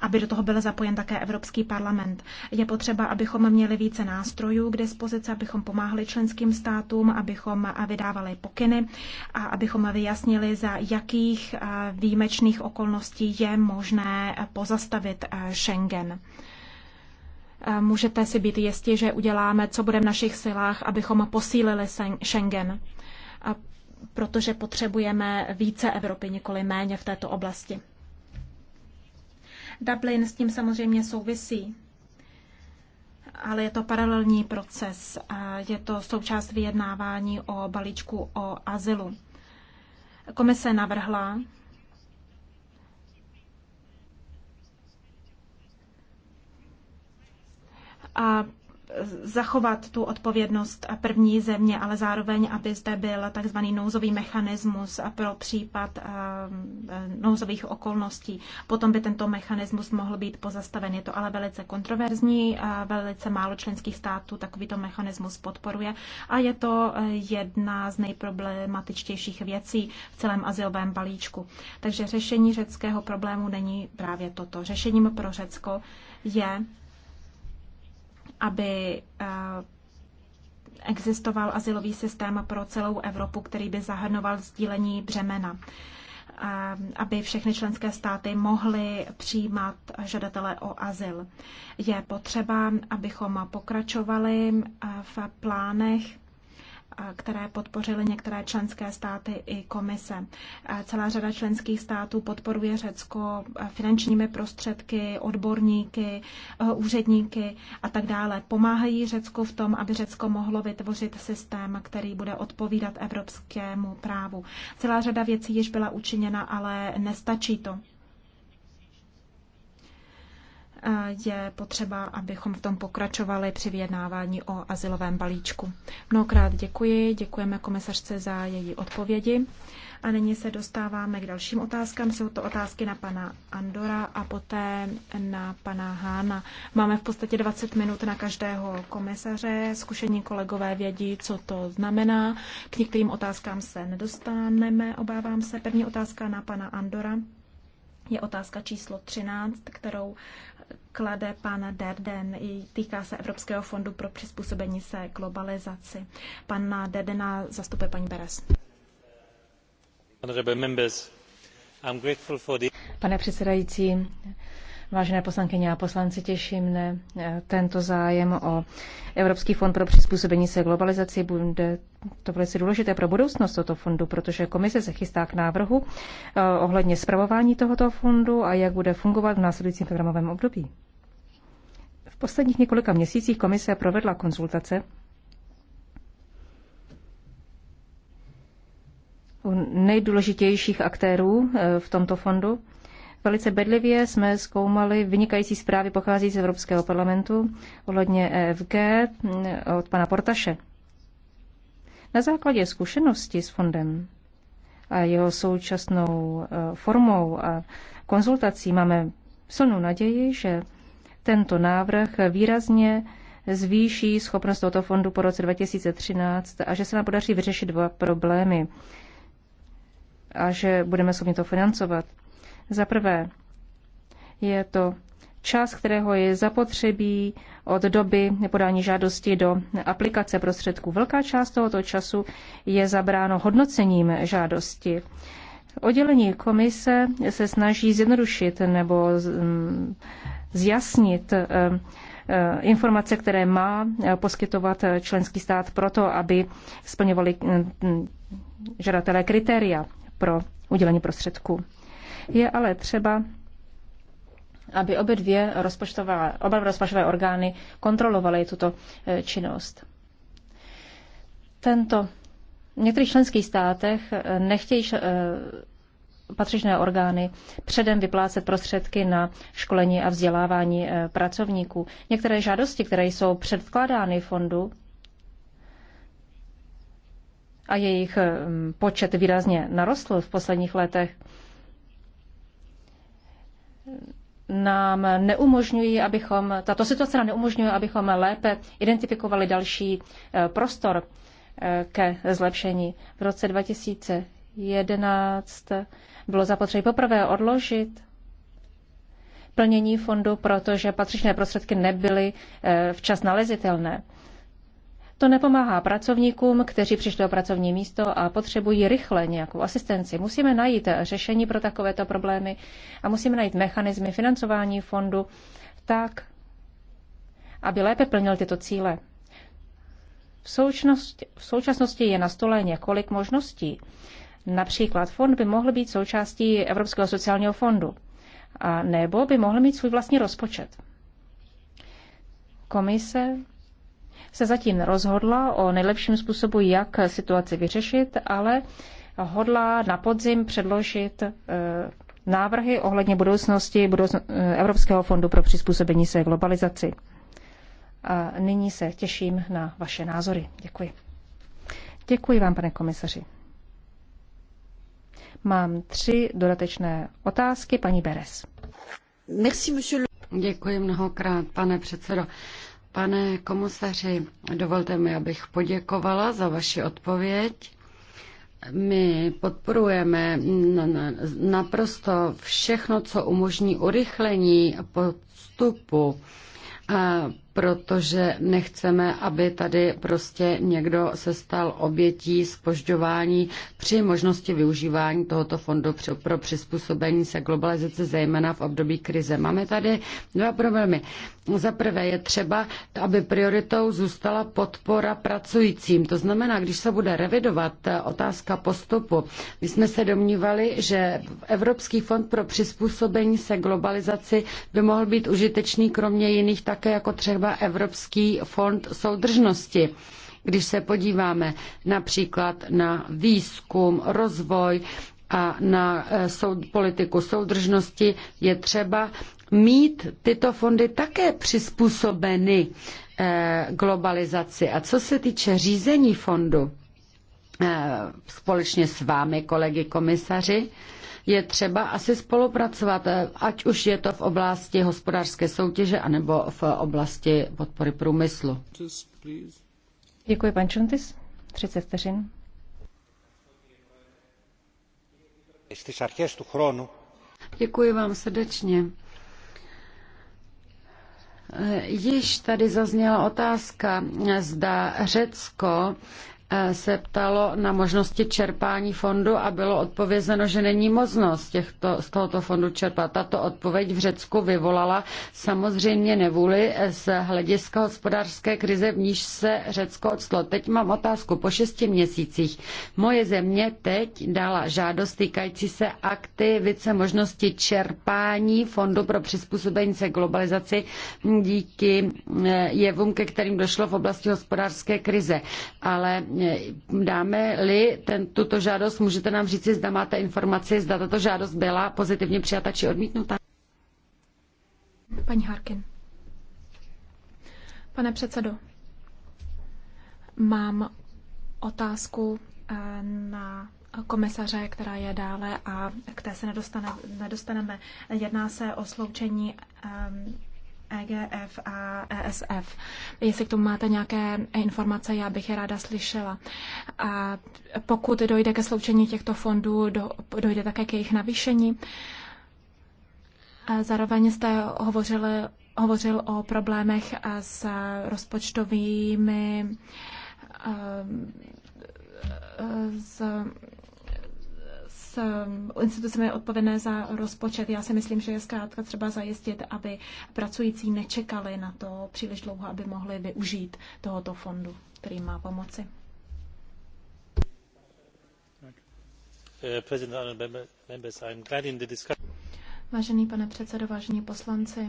aby do toho byl zapojen také Evropský parlament. Je potřeba, abychom měli více nástrojů k dispozici, abychom pomáhali členským státům, abychom vydávali pokyny a abychom vyjasnili, za jakých výjimečných okolností je možné pozastavit Schengen. Můžete si být jistí, že uděláme, co bude v našich silách, abychom posílili Schengen, a protože potřebujeme více Evropy, nikoli méně v této oblasti. Dublin s tím samozřejmě souvisí, ale je to paralelní proces. Je to součást vyjednávání o balíčku o azylu. Komise navrhla, a zachovat tu odpovědnost první země, ale zároveň, aby zde byl takzvaný nouzový mechanismus pro případ eh, eh, nouzových okolností. Potom by tento mechanismus mohl být pozastaven. Je to ale velice kontroverzní, eh, velice málo členských států takovýto mechanismus podporuje a je to jedna z nejproblematičtějších věcí v celém asilovém balíčku. Takže řešení řeckého problému není právě toto. Řešením pro Řecko je aby eh, existoval asilový systém pro celou Evropu, který by zahrnoval sdílení břemena eh, aby všechny členské státy mohly přijímat žadatele o azyl. Je potřeba, abychom pokračovali eh, v plánech které podpořily některé členské státy i komise. Celá řada členských států podporuje Řecko finančními prostředky, odborníky, eh, úředníky a tak dále. Pomáhají Řecku v tom, aby Řecko mohlo vytvořit systém, který bude odpovídat evropskému právu. Celá řada věcí již byla učiněna, ale nestačí to je potřeba, abychom v tom pokračovali při vyjednávání o asilovém balíčku. Mnohokrát děkuji, děkujeme komisařce za její odpovědi. A nyní se dostáváme k dalším otázkám. Jsou to otázky na pana Andora a poté na pana Hána. Máme v podstatě 20 minut na každého komisaře. Zkušení kolegové vědí, co to znamená. K některým otázkám se nedostaneme, obávám se. První otázka na pana Andora je otázka číslo 13, kterou klade pan Derden. Týká se Evropského fondu pro přizpůsobení se globalizaci. Pan Derdena zastupuje paní Beres. Pane předsedající, Vážené poslankyně a poslanci, těší mne eh, tento zájem o Evropský fond pro přizpůsobení se globalizaci. Bude to velice důležité pro budoucnost tohoto fondu, protože komise se chystá k návrhu eh, ohledně zpravování tohoto fondu a jak bude fungovat v následujícím programovém období. V posledních několika měsících komise provedla konzultace u nejdůležitějších aktérů eh, v tomto fondu Velice bedlivě jsme zkoumali vynikající zprávy pochází z Evropského parlamentu ohledně EFG mm, od pana Portaše. Na základě zkušenosti s fondem a jeho současnou e, formou a konzultací máme silnou naději, že tento návrh výrazně zvýší schopnost tohoto fondu po roce 2013 a že se nám podaří vyřešit dva problémy a že budeme schopni to financovat. Za prvé, je to čas, kterého je zapotřebí od doby podání žádosti do aplikace prostředků. Velká část tohoto času je zabráno hodnocením žádosti. Oddělení komise se snaží zjednodušit nebo mm, zjasnit e, e, informace, které má poskytovat členský stát proto, aby splňovali mm, žadatelé kritéria pro udělení prostředků. Je ale třeba aby obě dvě rozpočtové, oba rozpočtové orgány kontrolovaly tuto eh, činnost. Tento v některých členských státech eh, nechtějí eh, patřičné orgány předem vyplácet prostředky na školení a vzdělávání pracovníků. Některé žádosti, které jsou předkládány fondu a jejich počet výrazně narostl v posledních letech, nám neumožňují, abychom, tato situace nám neumožňuje, abychom lépe identifikovali další eh, prostor eh, ke zlepšení. V roce 2011 bylo zapotřebí poprvé odložit plnění fondu, protože patřičné prostředky nebyly eh, včas nalezitelné. To nepomáhá pracovníkům, kteří přišli o pracovní místo a potřebují rychle nějakou asistenci. Musíme najít řešení pro takovéto problémy a musíme najít mechanizmy financování fondu tak, aby lépe plnil tyto cíle. V současnosti, v současnosti je na stole několik možností. Například fond by mohl být součástí Evropského sociálního fondu a nebo by mohl mít svůj vlastní rozpočet. Komise se zatím rozhodla o nejlepším způsobu, jak situaci vyřešit, ale hodlá na podzim předložit eh, návrhy ohledně budoucnosti eh, Evropského fondu pro přizpůsobení se globalizaci. A nyní se těším na vaše názory. Děkuji. Děkuji vám, pane komisaři. Mám tři dodatečné otázky, paní Beres. Děkuji mnohokrát, pane předsedo. Pane komisaři, dovolte mi, abych poděkovala za vaši odpověď. My podporujeme naprosto všechno, co umožní urychlení postupu protože nechceme, aby tady prostě někdo se stal obětí spožďování při možnosti využívání tohoto fondu pro přizpůsobení se globalizaci, zejména v období krize. Máme tady dva problémy. Za prvé je třeba, aby prioritou zůstala podpora pracujícím. To znamená, když se bude revidovat otázka postupu, my jsme se domnívali, že Evropský fond pro přizpůsobení se globalizaci by mohl být užitečný kromě jiných také jako třeba třeba Evropský fond soudržnosti. Když se podíváme například na výzkum, rozvoj a na eh, politiku soudržnosti, je třeba mít tyto fondy také přizpůsobeny eh, globalizaci. A co se týče řízení fondu, eh, společně s vámi, kolegy komisaři, je třeba asi spolupracovat, ať už je to v oblasti hospodářské soutěže anebo v oblasti podpory průmyslu. Děkuji, pan Čuntis. 30 vteřin. Děkuji vám srdečně. Již tady zazněla otázka, zda Řecko Eh, se ptalo na možnosti čerpání fondu a bylo odpovězeno, že není možnost těchto, z tohoto fondu čerpat. Tato odpověď v Řecku vyvolala samozřejmě nevůli z hlediska hospodářské krize, v níž se Řecko odstlo. Teď mám otázku. Po šesti měsících moje země teď dala žádost týkající se aktivice možnosti čerpání fondu pro přizpůsobení se globalizaci díky eh, jevům, ke kterým došlo v oblasti hospodářské krize. Ale Dáme-li ten, tuto žádost, můžete nám říct, zda máte informaci, zda tato žádost byla pozitivně přijata či odmítnuta? Paní Harkin. Pane předsedo, mám otázku eh, na komisaře, která je dále a k té se nedostane, nedostaneme. Jedná se o sloučení ehm, EGF a ESF. Jestli k tomu máte nějaké informace, já bych je ráda slyšela. A pokud dojde ke sloučení těchto fondů, dojde také k jejich navýšení. A zároveň jste hovořili, hovořil o problémech s rozpočtovými s s um, institucemi odpovědné za rozpočet. Já si myslím, že je zkrátka třeba zajistit, aby pracující nečekali na to příliš dlouho, aby mohli využít tohoto fondu, který má pomoci. Vážený pane předsedo, vážení poslanci,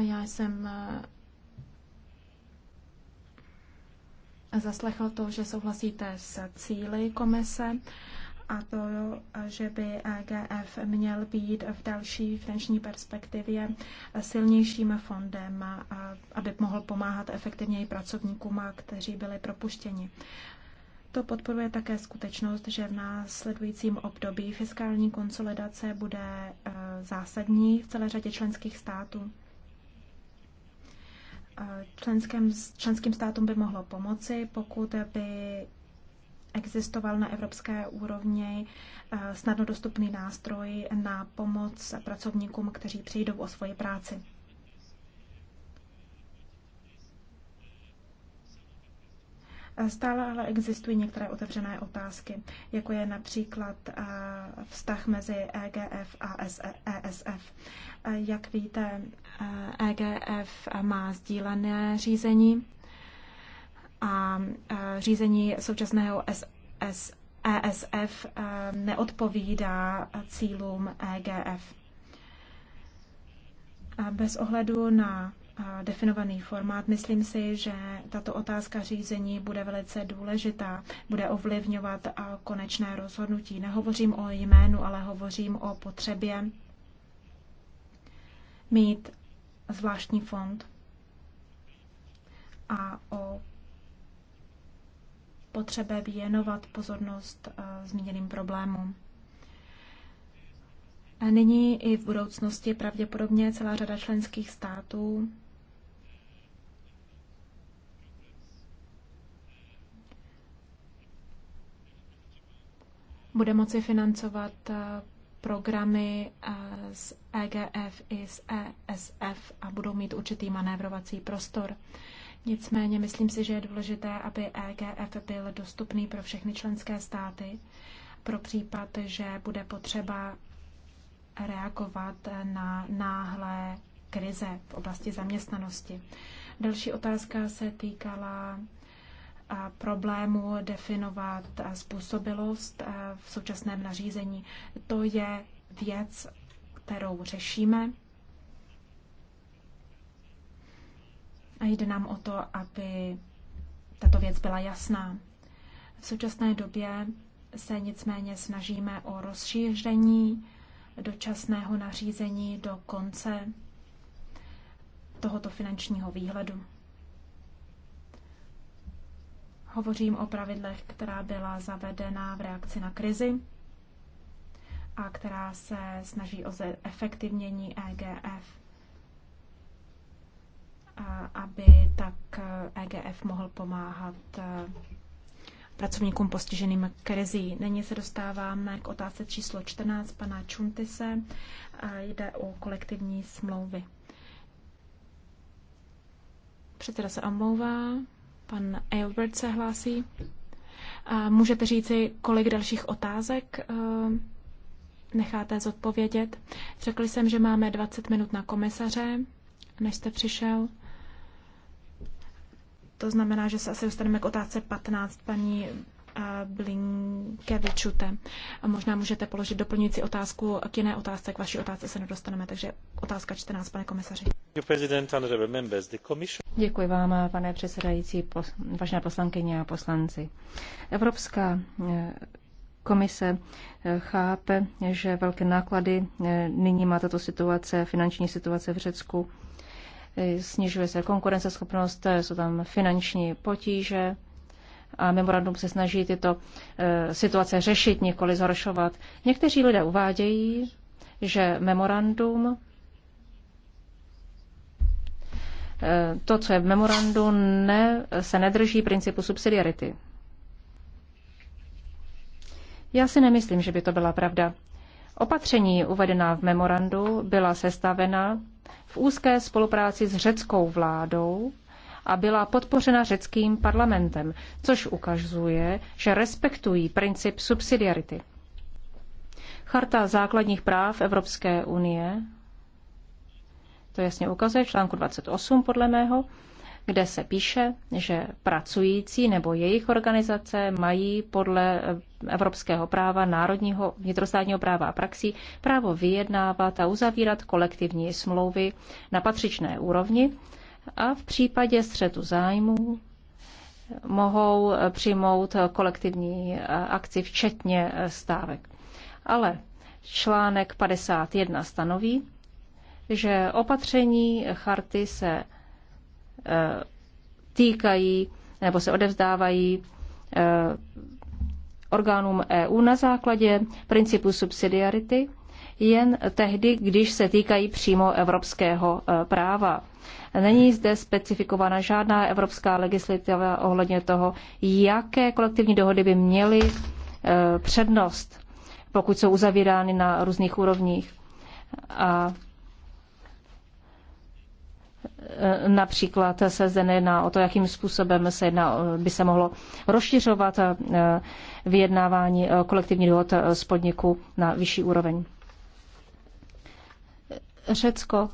já jsem zaslechl to, že souhlasíte s cíly komise a to, že by EGF měl být v další finanční perspektivě silnějším fondem, aby mohl pomáhat efektivněji pracovníkům, kteří byli propuštěni. To podporuje také skutečnost, že v následujícím období fiskální konsolidace bude e, zásadní v celé řadě členských států členským, členským státům by mohlo pomoci, pokud by existoval na evropské úrovni eh, snadno dostupný nástroj na pomoc pracovníkům, kteří přijdou o svoji práci. Eh, stále ale existují některé otevřené otázky, jako je například eh, vztah mezi EGF a ESF. E jak víte, EGF má sdílené řízení a e, řízení současného SS, ESF e, neodpovídá cílům EGF. Bez ohledu na e, definovaný formát. Myslím si, že tato otázka řízení bude velice důležitá, bude ovlivňovat konečné rozhodnutí. Nehovořím o jménu, ale hovořím o potřebě mít zvláštní fond a o potřebě věnovat pozornost eh, zmíněným problémům. A nyní i v budoucnosti pravděpodobně celá řada členských států bude moci financovat eh, programy eh, z EGF i z ESF a budou mít určitý manévrovací prostor. Nicméně myslím si, že je důležité, aby EGF byl dostupný pro všechny členské státy pro případ, že bude potřeba reagovat na náhlé krize v oblasti zaměstnanosti. Další otázka se týkala problému definovat způsobilost v současném nařízení. To je věc, kterou řešíme. A jde nám o to, aby tato věc byla jasná. V současné době se nicméně snažíme o rozšíření dočasného nařízení do konce tohoto finančního výhledu. Hovořím o pravidlech, která byla zavedena v reakci na krizi a která se snaží o efektivnění EGF, aby tak EGF mohl pomáhat e, pracovníkům postiženým krizí. Nyní se dostáváme k otázce číslo 14 pana Čuntise. E, jde o kolektivní smlouvy. Předseda se omlouvá. Pan Aylbert se hlásí. A můžete říci, kolik dalších otázek eh, necháte zodpovědět? Řekli jsem, že máme 20 minut na komisaře, než jste přišel. To znamená, že se asi dostaneme k otázce 15 paní Blinkevičute. Možná můžete položit doplňující otázku k jiné otázce, k vaší otázce se nedostaneme, takže otázka 14, pane komisaři. Děkuji vám, pane předsedající, vážené poslankyně a poslanci. Evropská eh, komise eh, chápe, že velké náklady eh, nyní má tato situace, finanční situace v Řecku, snižuje se konkurenceschopnost, jsou tam finanční potíže, a memorandum se snaží tyto eh, situace řešit, nikoli zhoršovat. Někteří lidé uvádějí, že memorandum eh, to, co je v memorandu, ne, se nedrží principu subsidiarity. Já si nemyslím, že by to byla pravda. Opatření uvedená v memorandu byla sestavena v úzké spolupráci s řeckou vládou a byla podpořena řeckým parlamentem, což ukazuje, že respektují princip subsidiarity. Charta základních práv Evropské unie, to jasně ukazuje článku 28 podle mého, kde se píše, že pracující nebo jejich organizace mají podle evropského práva, národního vnitrostátního práva a praxí právo vyjednávat a uzavírat kolektivní smlouvy na patřičné úrovni a v případě střetu zájmů mohou přijmout kolektivní akci, včetně stávek. Ale článek 51 stanoví, že opatření charty se e, týkají nebo se odevzdávají e, orgánům EU na základě principu subsidiarity jen tehdy, když se týkají přímo evropského eh, práva. Není zde specifikována žádná evropská legislativa ohledně toho, jaké kolektivní dohody by měly eh, přednost, pokud jsou uzavírány na různých úrovních. A eh, Například se zde nejedná o to, jakým způsobem se jedná, by se mohlo rozšiřovat vyjednávání kolektivní dohod z podniku na vyšší úroveň. Řecko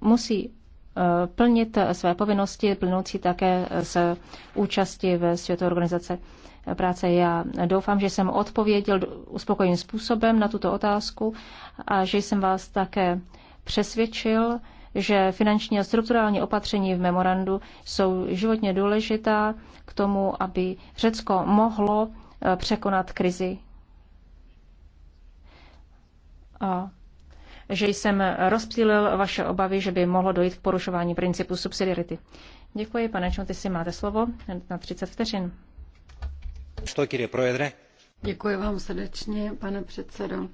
musí eh, plnit své povinnosti, plnoucí také z účasti ve Světové organizace práce. Já doufám, že jsem odpověděl uspokojeným způsobem na tuto otázku a že jsem vás také přesvědčil, že finanční a strukturální opatření v memorandu jsou životně důležitá k tomu, aby Řecko mohlo eh, překonat krizi. A že jsem rozptýlil vaše obavy, že by mohlo dojít k porušování principu subsidiarity. Děkuji, pane Čmoty, si máte slovo na 30 vteřin. Děkuji vám srdečně, pane předsedo.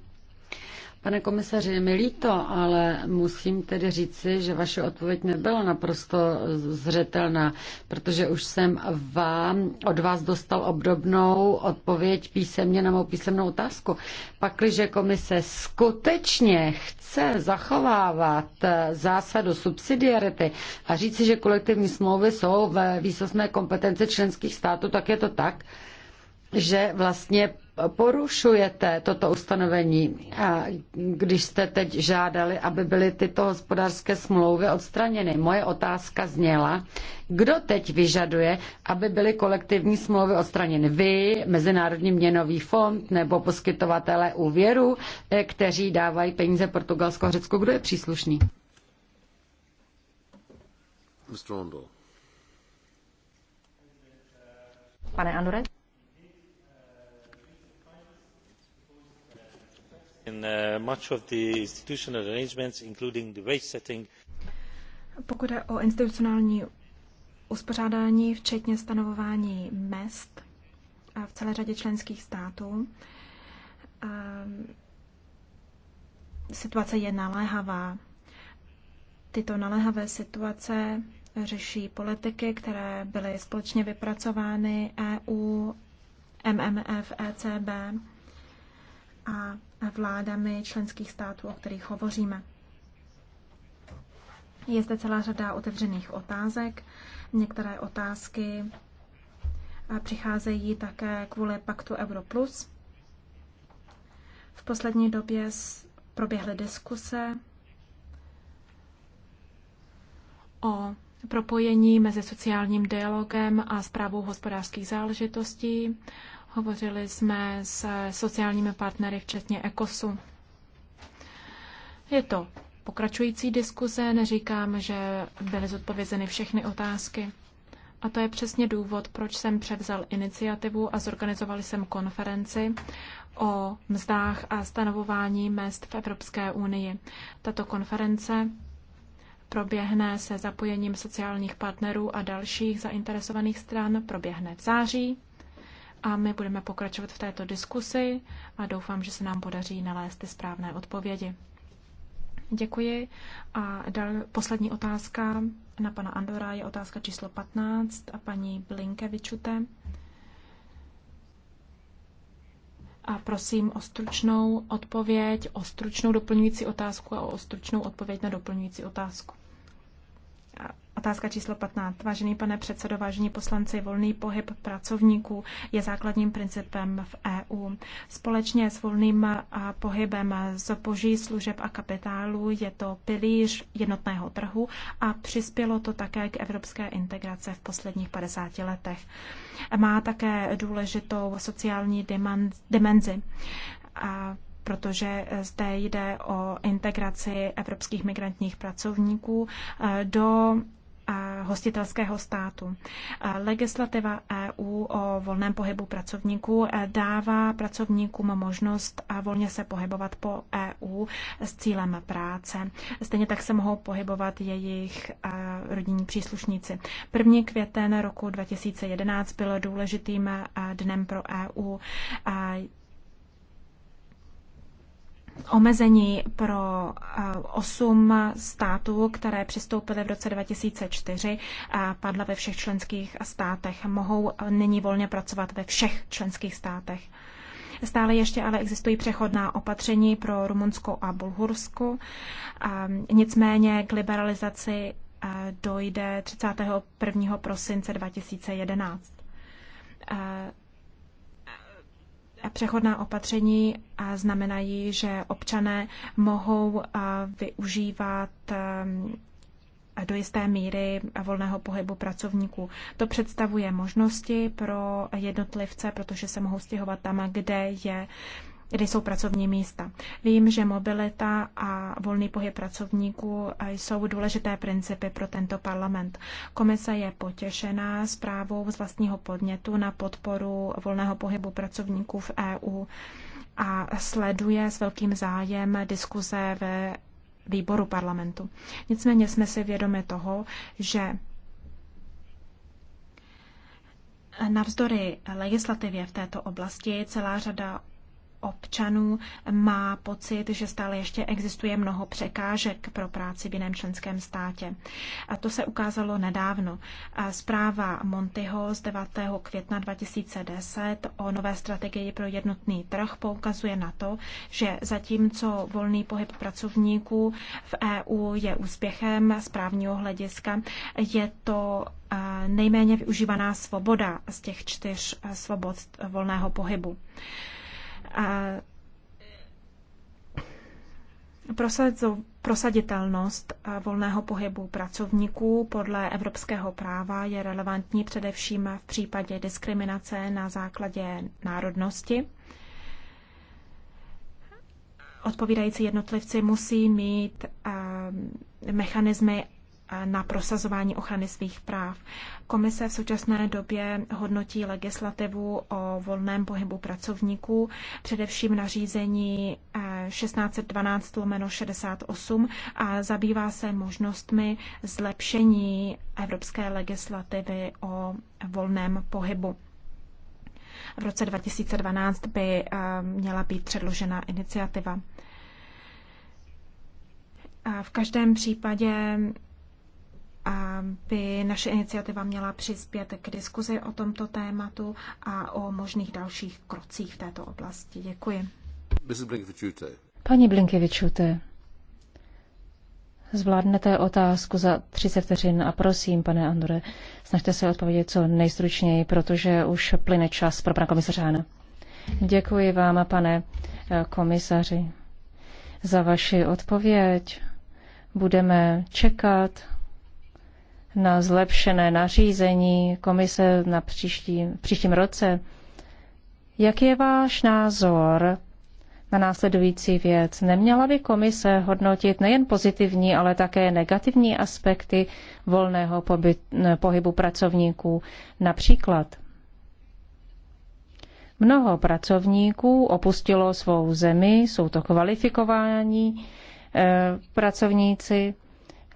Pane komisaři, je mi líto, ale musím tedy říci, že vaše odpověď nebyla naprosto zřetelná, protože už jsem vám, od vás dostal obdobnou odpověď písemně na mou písemnou otázku. Pakliže komise skutečně chce zachovávat zásadu subsidiarity a říci, že kolektivní smlouvy jsou ve výsostné kompetence členských států, tak je to tak, že vlastně porušujete toto ustanovení, když jste teď žádali, aby byly tyto hospodářské smlouvy odstraněny. Moje otázka zněla, kdo teď vyžaduje, aby byly kolektivní smlouvy odstraněny? Vy, Mezinárodní měnový fond nebo poskytovatelé úvěru, eh, kteří dávají peníze Portugalsko a Řecku? Kdo je příslušný? Pane Andore? In, eh, much of the institutional arrangements, including the wage setting. Pokud je o institucionální uspořádání, včetně stanovování mest a eh, v celé řadě členských států, eh, situace je naléhavá. Tyto naléhavé situace řeší politiky, které byly společně vypracovány EU, MMF, ECB a vládami členských států, o kterých hovoříme. Je zde celá řada otevřených otázek. Některé otázky eh, přicházejí také kvůli paktu Euro+. Plus. V poslední době proběhly diskuse o propojení mezi sociálním dialogem a zprávou hospodářských záležitostí Hovořili jsme s sociálními partnery, včetně ECOSu. Je to pokračující diskuze, neříkám, že byly zodpovězeny všechny otázky. A to je přesně důvod, proč jsem převzal iniciativu a zorganizovali jsem konferenci o mzdách a stanovování mest v Evropské unii. Tato konference proběhne se zapojením sociálních partnerů a dalších zainteresovaných stran, proběhne v září a my budeme pokračovat v této diskusi a doufám, že se nám podaří nalézt ty správné odpovědi. Děkuji. A dal, poslední otázka na pana Andora je otázka číslo 15 a paní Blinkevičute. A prosím o stručnou odpověď, o stručnou doplňující otázku a o stručnou odpověď na doplňující otázku. Otázka číslo 15. Vážený pane předsedo, vážení poslanci, volný pohyb pracovníků je základním principem v EU. Společně s volným pohybem zboží, služeb a kapitálu je to pilíř jednotného trhu a přispělo to také k evropské integraci v posledních 50 letech. Má také důležitou sociální dimenzi. A protože zde jde o integraci evropských migrantních pracovníků eh, do eh, hostitelského státu. Eh, legislativa EU o volném pohybu pracovníků dává pracovníkům možnost volně se pohybovat po EU s cílem práce. Stejně tak se mohou pohybovat jejich rodinní příslušníci. První květen roku 2011 byl důležitým dnem pro EU omezení pro eh, osm států, které přistoupily v roce 2004, padla ve všech členských státech. Mohou nyní volně pracovat ve všech členských státech. Stále ještě ale existují přechodná opatření pro Rumunsko a Bulhursko. Nicméně k liberalizaci eh, dojde 31. prosince 2011 přechodná opatření a znamenají, že občané mohou využívat do jisté míry volného pohybu pracovníků. To představuje možnosti pro jednotlivce, protože se mohou stěhovat tam, kde je kde jsou pracovní místa. Vím, že mobilita a volný pohyb pracovníků jsou důležité principy pro tento parlament. Komise je potěšená zprávou z vlastního podnětu na podporu volného pohybu pracovníků v EU a sleduje s velkým zájem diskuze ve výboru parlamentu. Nicméně jsme si vědomi toho, že navzdory legislativě v této oblasti celá řada občanů má pocit, že stále ještě existuje mnoho překážek pro práci v jiném členském státě. A to se ukázalo nedávno. Zpráva Montyho z 9. května 2010 o nové strategii pro jednotný trh poukazuje na to, že zatímco volný pohyb pracovníků v EU je úspěchem z právního hlediska, je to nejméně využívaná svoboda z těch čtyř svobod volného pohybu. Prosaditelnost volného pohybu pracovníků podle evropského práva je relevantní především v případě diskriminace na základě národnosti. Odpovídající jednotlivci musí mít mechanismy na prosazování ochrany svých práv. Komise v současné době hodnotí legislativu o volném pohybu pracovníků, především nařízení 1612 eh, lomeno 68 a zabývá se možnostmi zlepšení evropské legislativy o volném pohybu. V roce 2012 by eh, měla být předložena iniciativa. v každém případě by naše iniciativa měla přispět k diskuzi o tomto tématu a o možných dalších krocích v této oblasti. Děkuji. Paní Blinkevičute, zvládnete otázku za 30 vteřin a prosím, pane Andore, snažte se odpovědět co nejstručněji, protože už plyne čas pro pana komisařána. Děkuji vám, pane eh, komisaři, za vaši odpověď. Budeme čekat na zlepšené nařízení komise na příští, příštím roce. Jak je váš názor na následující věc? Neměla by komise hodnotit nejen pozitivní, ale také negativní aspekty volného pobyt, pohybu pracovníků? Například Mnoho pracovníků opustilo svou zemi, jsou to kvalifikovaní e, pracovníci,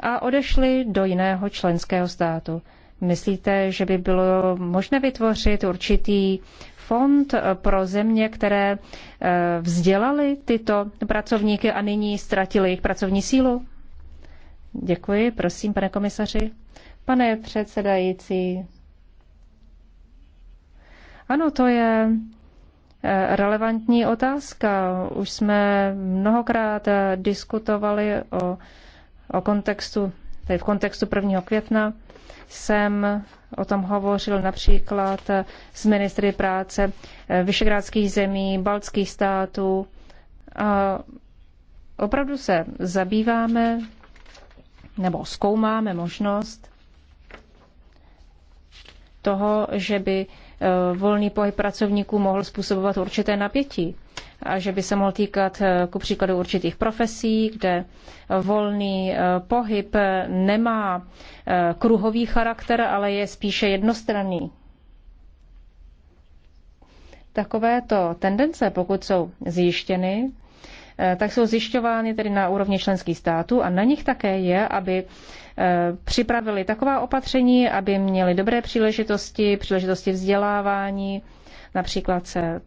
a odešli do jiného členského státu. Myslíte, že by bylo možné vytvořit určitý fond pro země, které eh, vzdělali tyto pracovníky a nyní ztratili jejich pracovní sílu? Děkuji, prosím, pane komisaři. Pane předsedající, ano, to je eh, relevantní otázka. Už jsme mnohokrát eh, diskutovali o o kontextu, tedy v kontextu 1. května jsem o tom hovořil například s ministry práce vyšegrádských zemí, baltských států. A opravdu se zabýváme nebo zkoumáme možnost toho, že by eh, volný pohyb pracovníků mohl způsobovat určité napětí a že by se mohl týkat eh, ku příkladu určitých profesí, kde volný eh, pohyb nemá eh, kruhový charakter, ale je spíše jednostranný. Takovéto tendence, pokud jsou zjištěny, tak jsou zjišťovány tedy na úrovni členských států a na nich také je, aby připravili taková opatření, aby měli dobré příležitosti, příležitosti vzdělávání, například se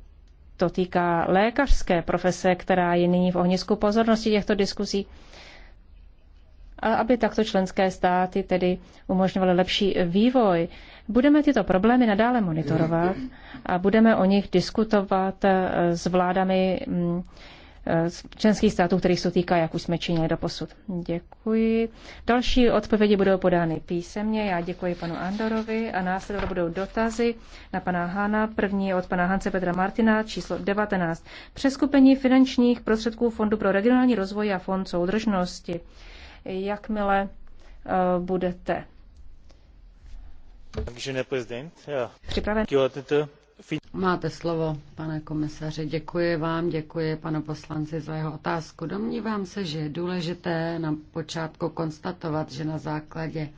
to týká lékařské profese, která je nyní v ohnisku pozornosti těchto diskuzí, a aby takto členské státy tedy umožňovaly lepší vývoj. Budeme tyto problémy nadále monitorovat a budeme o nich diskutovat s vládami mm, členských států, kterých se týká, jak už jsme činili do posud. Děkuji. Další odpovědi budou podány písemně. Já děkuji panu Andorovi a následovat budou dotazy na pana Hana. První je od pana Hance Petra Martina, číslo 19. Přeskupení finančních prostředků Fondu pro regionální rozvoj a Fond soudržnosti. Jakmile uh, budete Připraven. Máte slovo, pane komisaři. Děkuji vám, děkuji panu poslanci za jeho otázku. Domnívám se, že je důležité na počátku konstatovat, že na základě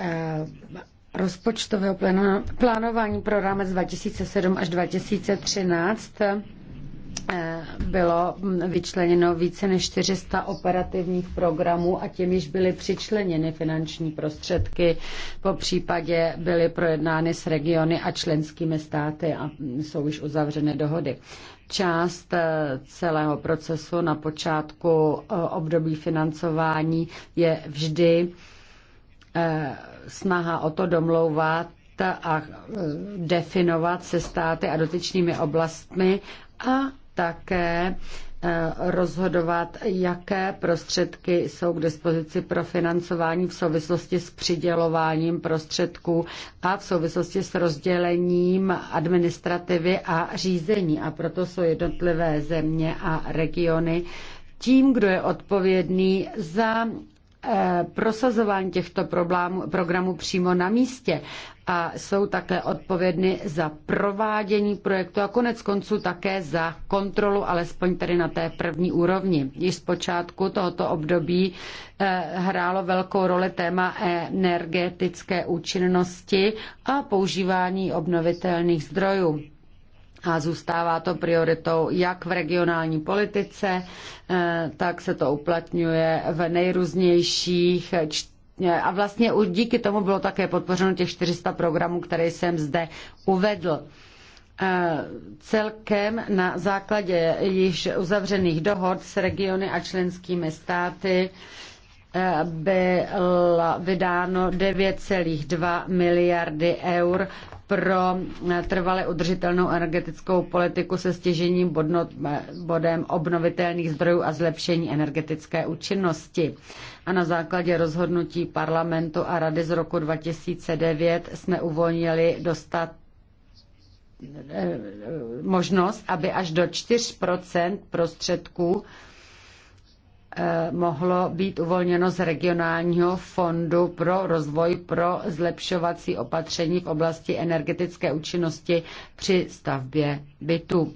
eh, rozpočtového plánování pro rámec 2007 až 2013 bylo vyčleněno více než 400 operativních programů a tím již byly přičleněny finanční prostředky, po případě byly projednány s regiony a členskými státy a jsou již uzavřené dohody. Část eh, celého procesu na počátku eh, období financování je vždy eh, snaha o to domlouvat a definovat se státy a dotyčnými oblastmi a také eh, rozhodovat, jaké prostředky jsou k dispozici pro financování v souvislosti s přidělováním prostředků a v souvislosti s rozdělením administrativy a řízení. A proto jsou jednotlivé země a regiony tím, kdo je odpovědný za Eh, prosazování těchto problémů, programů přímo na místě a jsou také odpovědny za provádění projektu a konec konců také za kontrolu, alespoň tedy na té první úrovni. Již z počátku tohoto období eh, hrálo velkou roli téma energetické účinnosti a používání obnovitelných zdrojů a zůstává to prioritou jak v regionální politice, eh, tak se to uplatňuje v nejrůznějších eh, a vlastně díky tomu bylo také podpořeno těch 400 programů, které jsem zde uvedl. Eh, celkem na základě již uzavřených dohod s regiony a členskými státy bylo vydáno 9,2 miliardy eur pro trvale udržitelnou energetickou politiku se stěžením bodem obnovitelných zdrojů a zlepšení energetické účinnosti. A na základě rozhodnutí parlamentu a rady z roku 2009 jsme uvolnili dostat eh, eh, možnost, aby až do 4 prostředků Eh, mohlo být uvolněno z regionálního fondu pro rozvoj pro zlepšovací opatření v oblasti energetické účinnosti při stavbě bytu.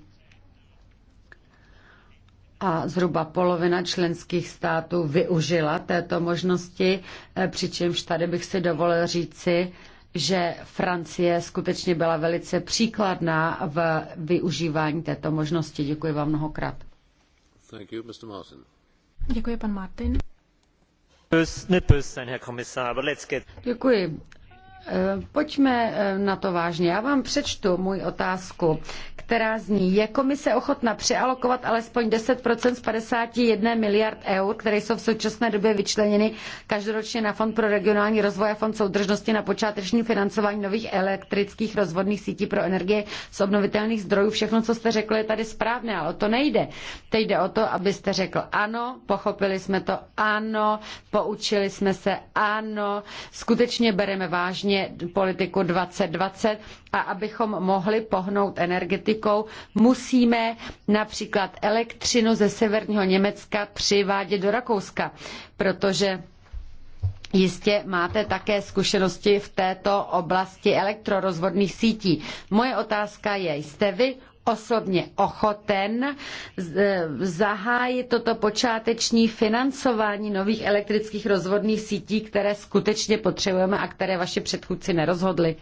A zhruba polovina členských států využila této možnosti, eh, přičemž tady bych si dovolil říci, že Francie skutečně byla velice příkladná v využívání této možnosti. Děkuji vám mnohokrát. Thank you, Mr. Martin. Děkuji, pan Martin. Děkuji. Eh, pojďme eh, na to vážně. Já vám přečtu můj otázku, která zní, je komise ochotna přealokovat alespoň 10% z 51 miliard eur, které jsou v současné době vyčleněny každoročně na Fond pro regionální rozvoj a Fond soudržnosti na počáteční financování nových elektrických rozvodných sítí pro energie z obnovitelných zdrojů. Všechno, co jste řekl, je tady správné, ale o to nejde. Teď jde o to, abyste řekl ano, pochopili jsme to, ano, poučili jsme se, ano, skutečně bereme vážně včetně politiku 2020. A abychom mohli pohnout energetikou, musíme například elektřinu ze severního Německa přivádět do Rakouska, protože Jistě máte také zkušenosti v této oblasti elektrorozvodných sítí. Moje otázka je, jste vy osobně ochoten e, zahájit toto počáteční financování nových elektrických rozvodných sítí, které skutečně potřebujeme a které vaši předchůdci nerozhodli?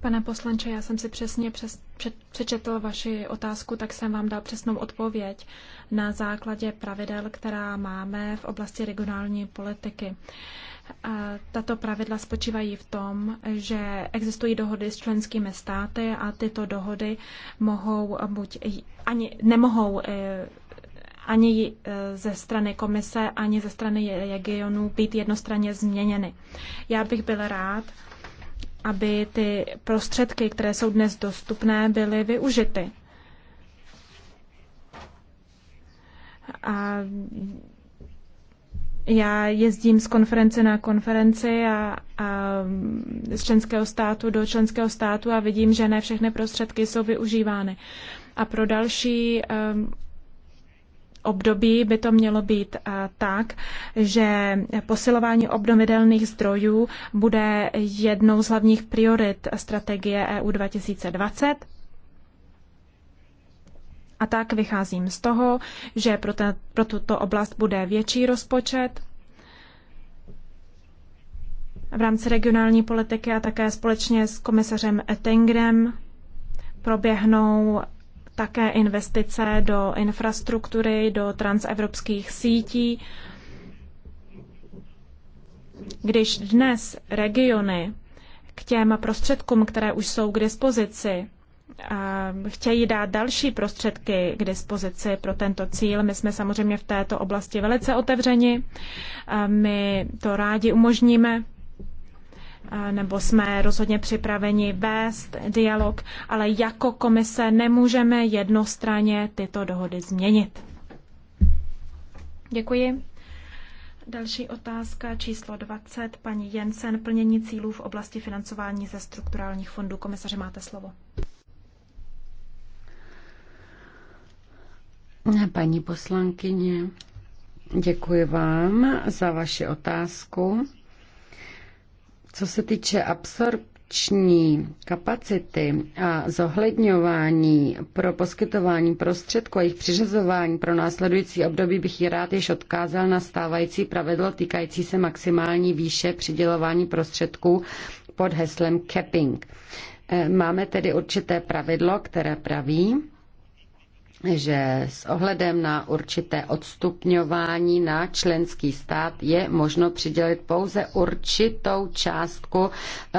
Pane poslanče, já jsem si přesně přes, před, přečetl vaši otázku, tak jsem vám dal přesnou odpověď na základě pravidel, která máme v oblasti regionální politiky. Tato pravidla spočívají v tom, že existují dohody s členskými státy a tyto dohody mohou buď ani nemohou e, ani e, ze strany komise, ani ze strany regionů být jednostranně změněny. Já bych byl rád, aby ty prostředky, které jsou dnes dostupné, byly využity. A já jezdím z konference na konferenci a, a z členského státu do členského státu a vidím, že ne všechny prostředky jsou využívány. A pro další um, období by to mělo být tak, že posilování obnovitelných zdrojů bude jednou z hlavních priorit strategie EU 2020 a tak vycházím z toho, že pro, ten, pro tuto oblast bude větší rozpočet v rámci regionální politiky a také společně s komisařem Ettingrem proběhnou také investice do infrastruktury, do transevropských sítí. Když dnes regiony k těm prostředkům, které už jsou k dispozici, chtějí dát další prostředky k dispozici pro tento cíl. My jsme samozřejmě v této oblasti velice otevřeni. My to rádi umožníme nebo jsme rozhodně připraveni vést dialog, ale jako komise nemůžeme jednostranně tyto dohody změnit. Děkuji. Další otázka číslo 20. Paní Jensen, plnění cílů v oblasti financování ze strukturálních fondů. Komisaře, máte slovo. Paní poslankyně, děkuji vám za vaši otázku. Co se týče absorpční kapacity a zohledňování pro poskytování prostředků a jejich přiřazování pro následující období bych ji rád již odkázal na stávající pravidlo týkající se maximální výše přidělování prostředků pod heslem capping. E, máme tedy určité pravidlo, které praví, že s ohledem na určité odstupňování na členský stát je možno přidělit pouze určitou částku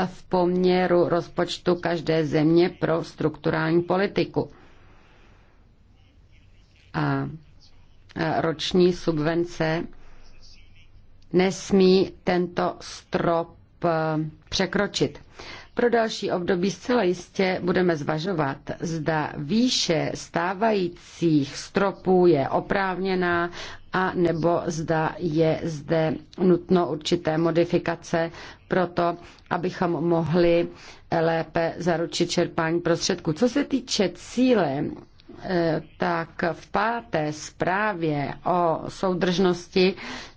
v poměru rozpočtu každé země pro strukturální politiku. A roční subvence nesmí tento strop eh, překročit. Pro další období zcela jistě budeme zvažovat, zda výše stávajících stropů je oprávněná a nebo zda je zde nutno určité modifikace pro to, abychom mohli lépe zaručit čerpání prostředků. Co se týče cíle Eh, tak v páté zprávě o soudržnosti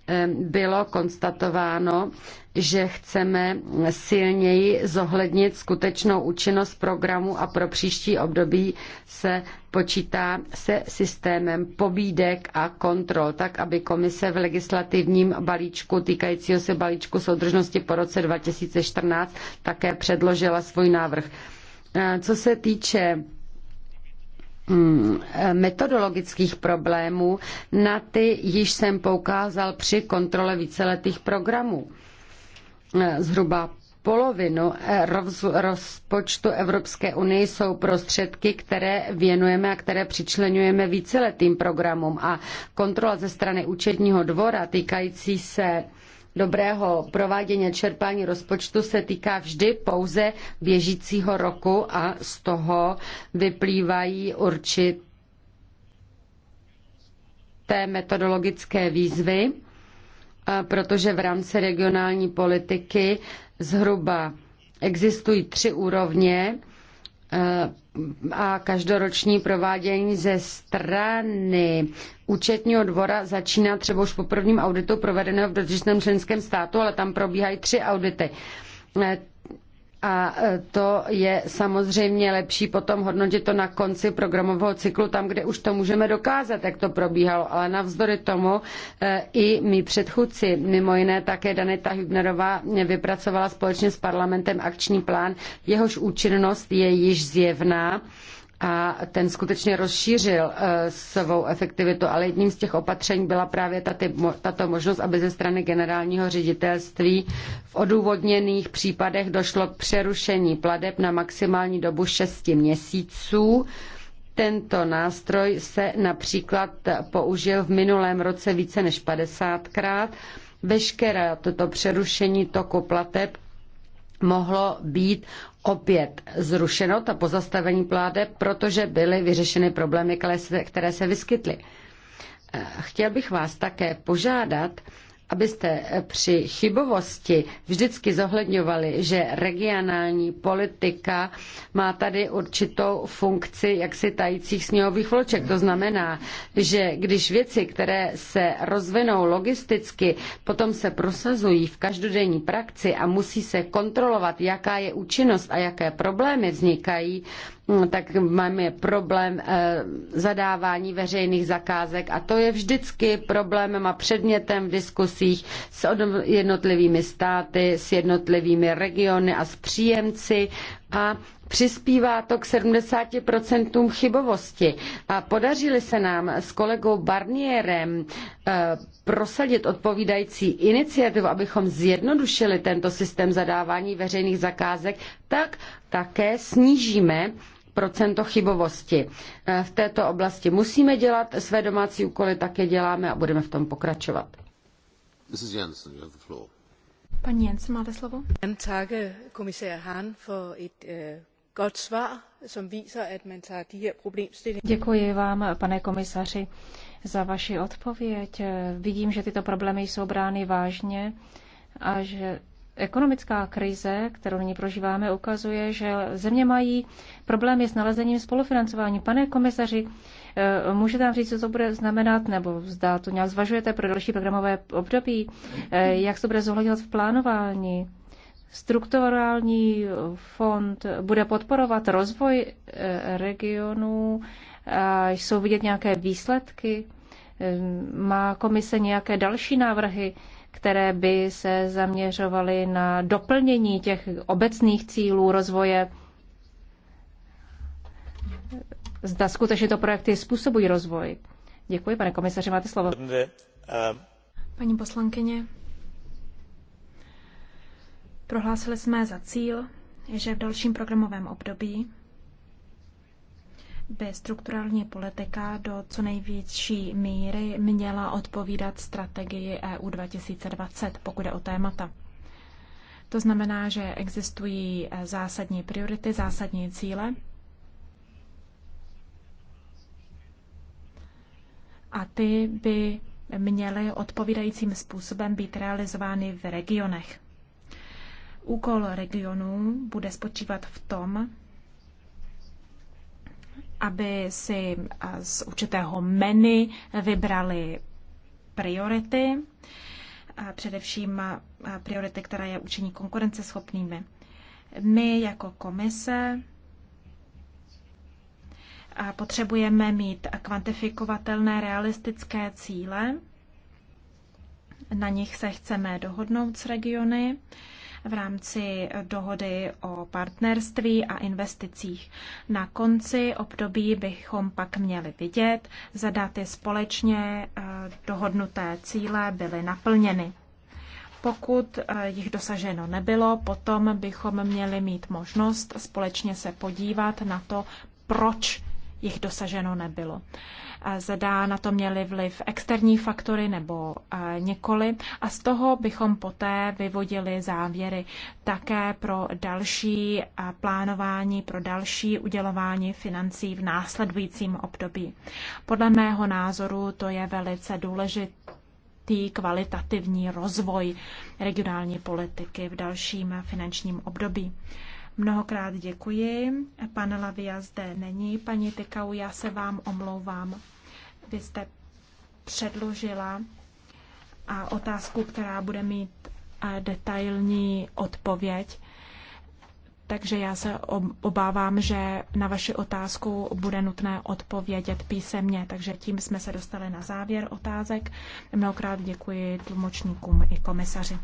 eh, bylo konstatováno, že chceme silněji zohlednit skutečnou účinnost programu a pro příští období se počítá se systémem pobídek a kontrol, tak aby komise v legislativním balíčku týkajícího se balíčku soudržnosti po roce 2014 také předložila svůj návrh. Eh, co se týče Mm, metodologických problémů, na ty již jsem poukázal při kontrole víceletých programů. Eh, zhruba polovinu eh, rozpočtu Evropské unie jsou prostředky, které věnujeme a které přičlenujeme víceletým programům. A kontrola ze strany účetního dvora týkající se dobrého provádění čerpání rozpočtu se týká vždy pouze běžícího roku a z toho vyplývají určité metodologické výzvy, protože v rámci regionální politiky zhruba existují tři úrovně a každoroční provádění ze strany účetního dvora začíná třeba už po prvním auditu provedeného v dotyčném členském státu, ale tam probíhají tři audity a e, to je samozřejmě lepší potom hodnotit to na konci programového cyklu, tam, kde už to můžeme dokázat, jak to probíhalo. Ale navzdory tomu e, i mý předchůdci, mimo jiné také Daneta Hübnerová, vypracovala společně s parlamentem akční plán, jehož účinnost je již zjevná a ten skutečně rozšířil eh, svou efektivitu, ale jedním z těch opatření byla právě tato možnost, aby ze strany generálního ředitelství v odůvodněných případech došlo k přerušení pladeb na maximální dobu 6 měsíců. Tento nástroj se například použil v minulém roce více než 50krát. Veškeré toto přerušení toku plateb mohlo být opět zrušeno, to pozastavení pláde, protože byly vyřešeny problémy, které se vyskytly. Eh, chtěl bych vás také požádat, abyste eh, při chybovosti vždycky zohledňovali, že regionální politika má tady určitou funkci jaksi tajících sněhových vloček. To znamená, že když věci, které se rozvinou logisticky, potom se prosazují v každodenní praxi a musí se kontrolovat, jaká je účinnost a jaké problémy vznikají, Hm, tak máme problém eh, zadávání veřejných zakázek a to je vždycky problémem a předmětem v diskusích s jednotlivými státy, s jednotlivými regiony a s příjemci a Přispívá to k 70% chybovosti. A podařili se nám s kolegou Barnierem eh, prosadit odpovídající iniciativu, abychom zjednodušili tento systém zadávání veřejných zakázek, tak také snížíme procento chybovosti. Eh, v této oblasti musíme dělat své domácí úkoly, také děláme a budeme v tom pokračovat. Mrs. Jensen, you have the floor. Jensen, máte slovo. Tage, eh, komisér Hahn, for it, Děkuji vám, pane komisaři, za vaši odpověď. Vidím, že tyto problémy jsou brány vážně a že Ekonomická krize, kterou nyní prožíváme, ukazuje, že země mají problémy s nalezením spolufinancování. Pane komisaři, eh, můžete nám říct, co to bude znamenat, nebo zda to nějak zvažujete pro další programové období? Eh, jak se to bude zohledňovat v plánování? Strukturální fond bude podporovat rozvoj eh, regionů, jsou vidět nějaké výsledky, ehm, má komise nějaké další návrhy, které by se zaměřovaly na doplnění těch obecných cílů rozvoje. Zda skutečně to projekty způsobují rozvoj. Děkuji, pane komisaři, máte slovo. Paní poslankyně, Prohlásili jsme za cíl, že v dalším programovém období by strukturální politika do co největší míry měla odpovídat strategii EU 2020, pokud je o témata. To znamená, že existují eh, zásadní priority, zásadní cíle. A ty by měly odpovídajícím způsobem být realizovány v regionech. Úkol regionu bude spočívat v tom, aby si z určitého menu vybrali priority, především priority, které je učení konkurenceschopnými. My jako komise potřebujeme mít kvantifikovatelné realistické cíle, na nich se chceme dohodnout s regiony v rámci dohody o partnerství a investicích. Na konci období bychom pak měli vidět, zda ty společně eh, dohodnuté cíle byly naplněny. Pokud eh, jich dosaženo nebylo, potom bychom měli mít možnost společně se podívat na to, proč jich dosaženo nebylo. Zda na to měly vliv externí faktory nebo nikoli a z toho bychom poté vyvodili závěry také pro další plánování, pro další udělování financí v následujícím období. Podle mého názoru to je velice důležité tý kvalitativní rozvoj regionální politiky v dalším finančním období. Mnohokrát děkuji. Pan Lavia zde není. Paní Tykau, já se vám omlouvám. Vy jste předložila a otázku, která bude mít detailní odpověď. Takže já se obávám, že na vaši otázku bude nutné odpovědět písemně. Takže tím jsme se dostali na závěr otázek. Mnohokrát děkuji tlumočníkům i komisaři.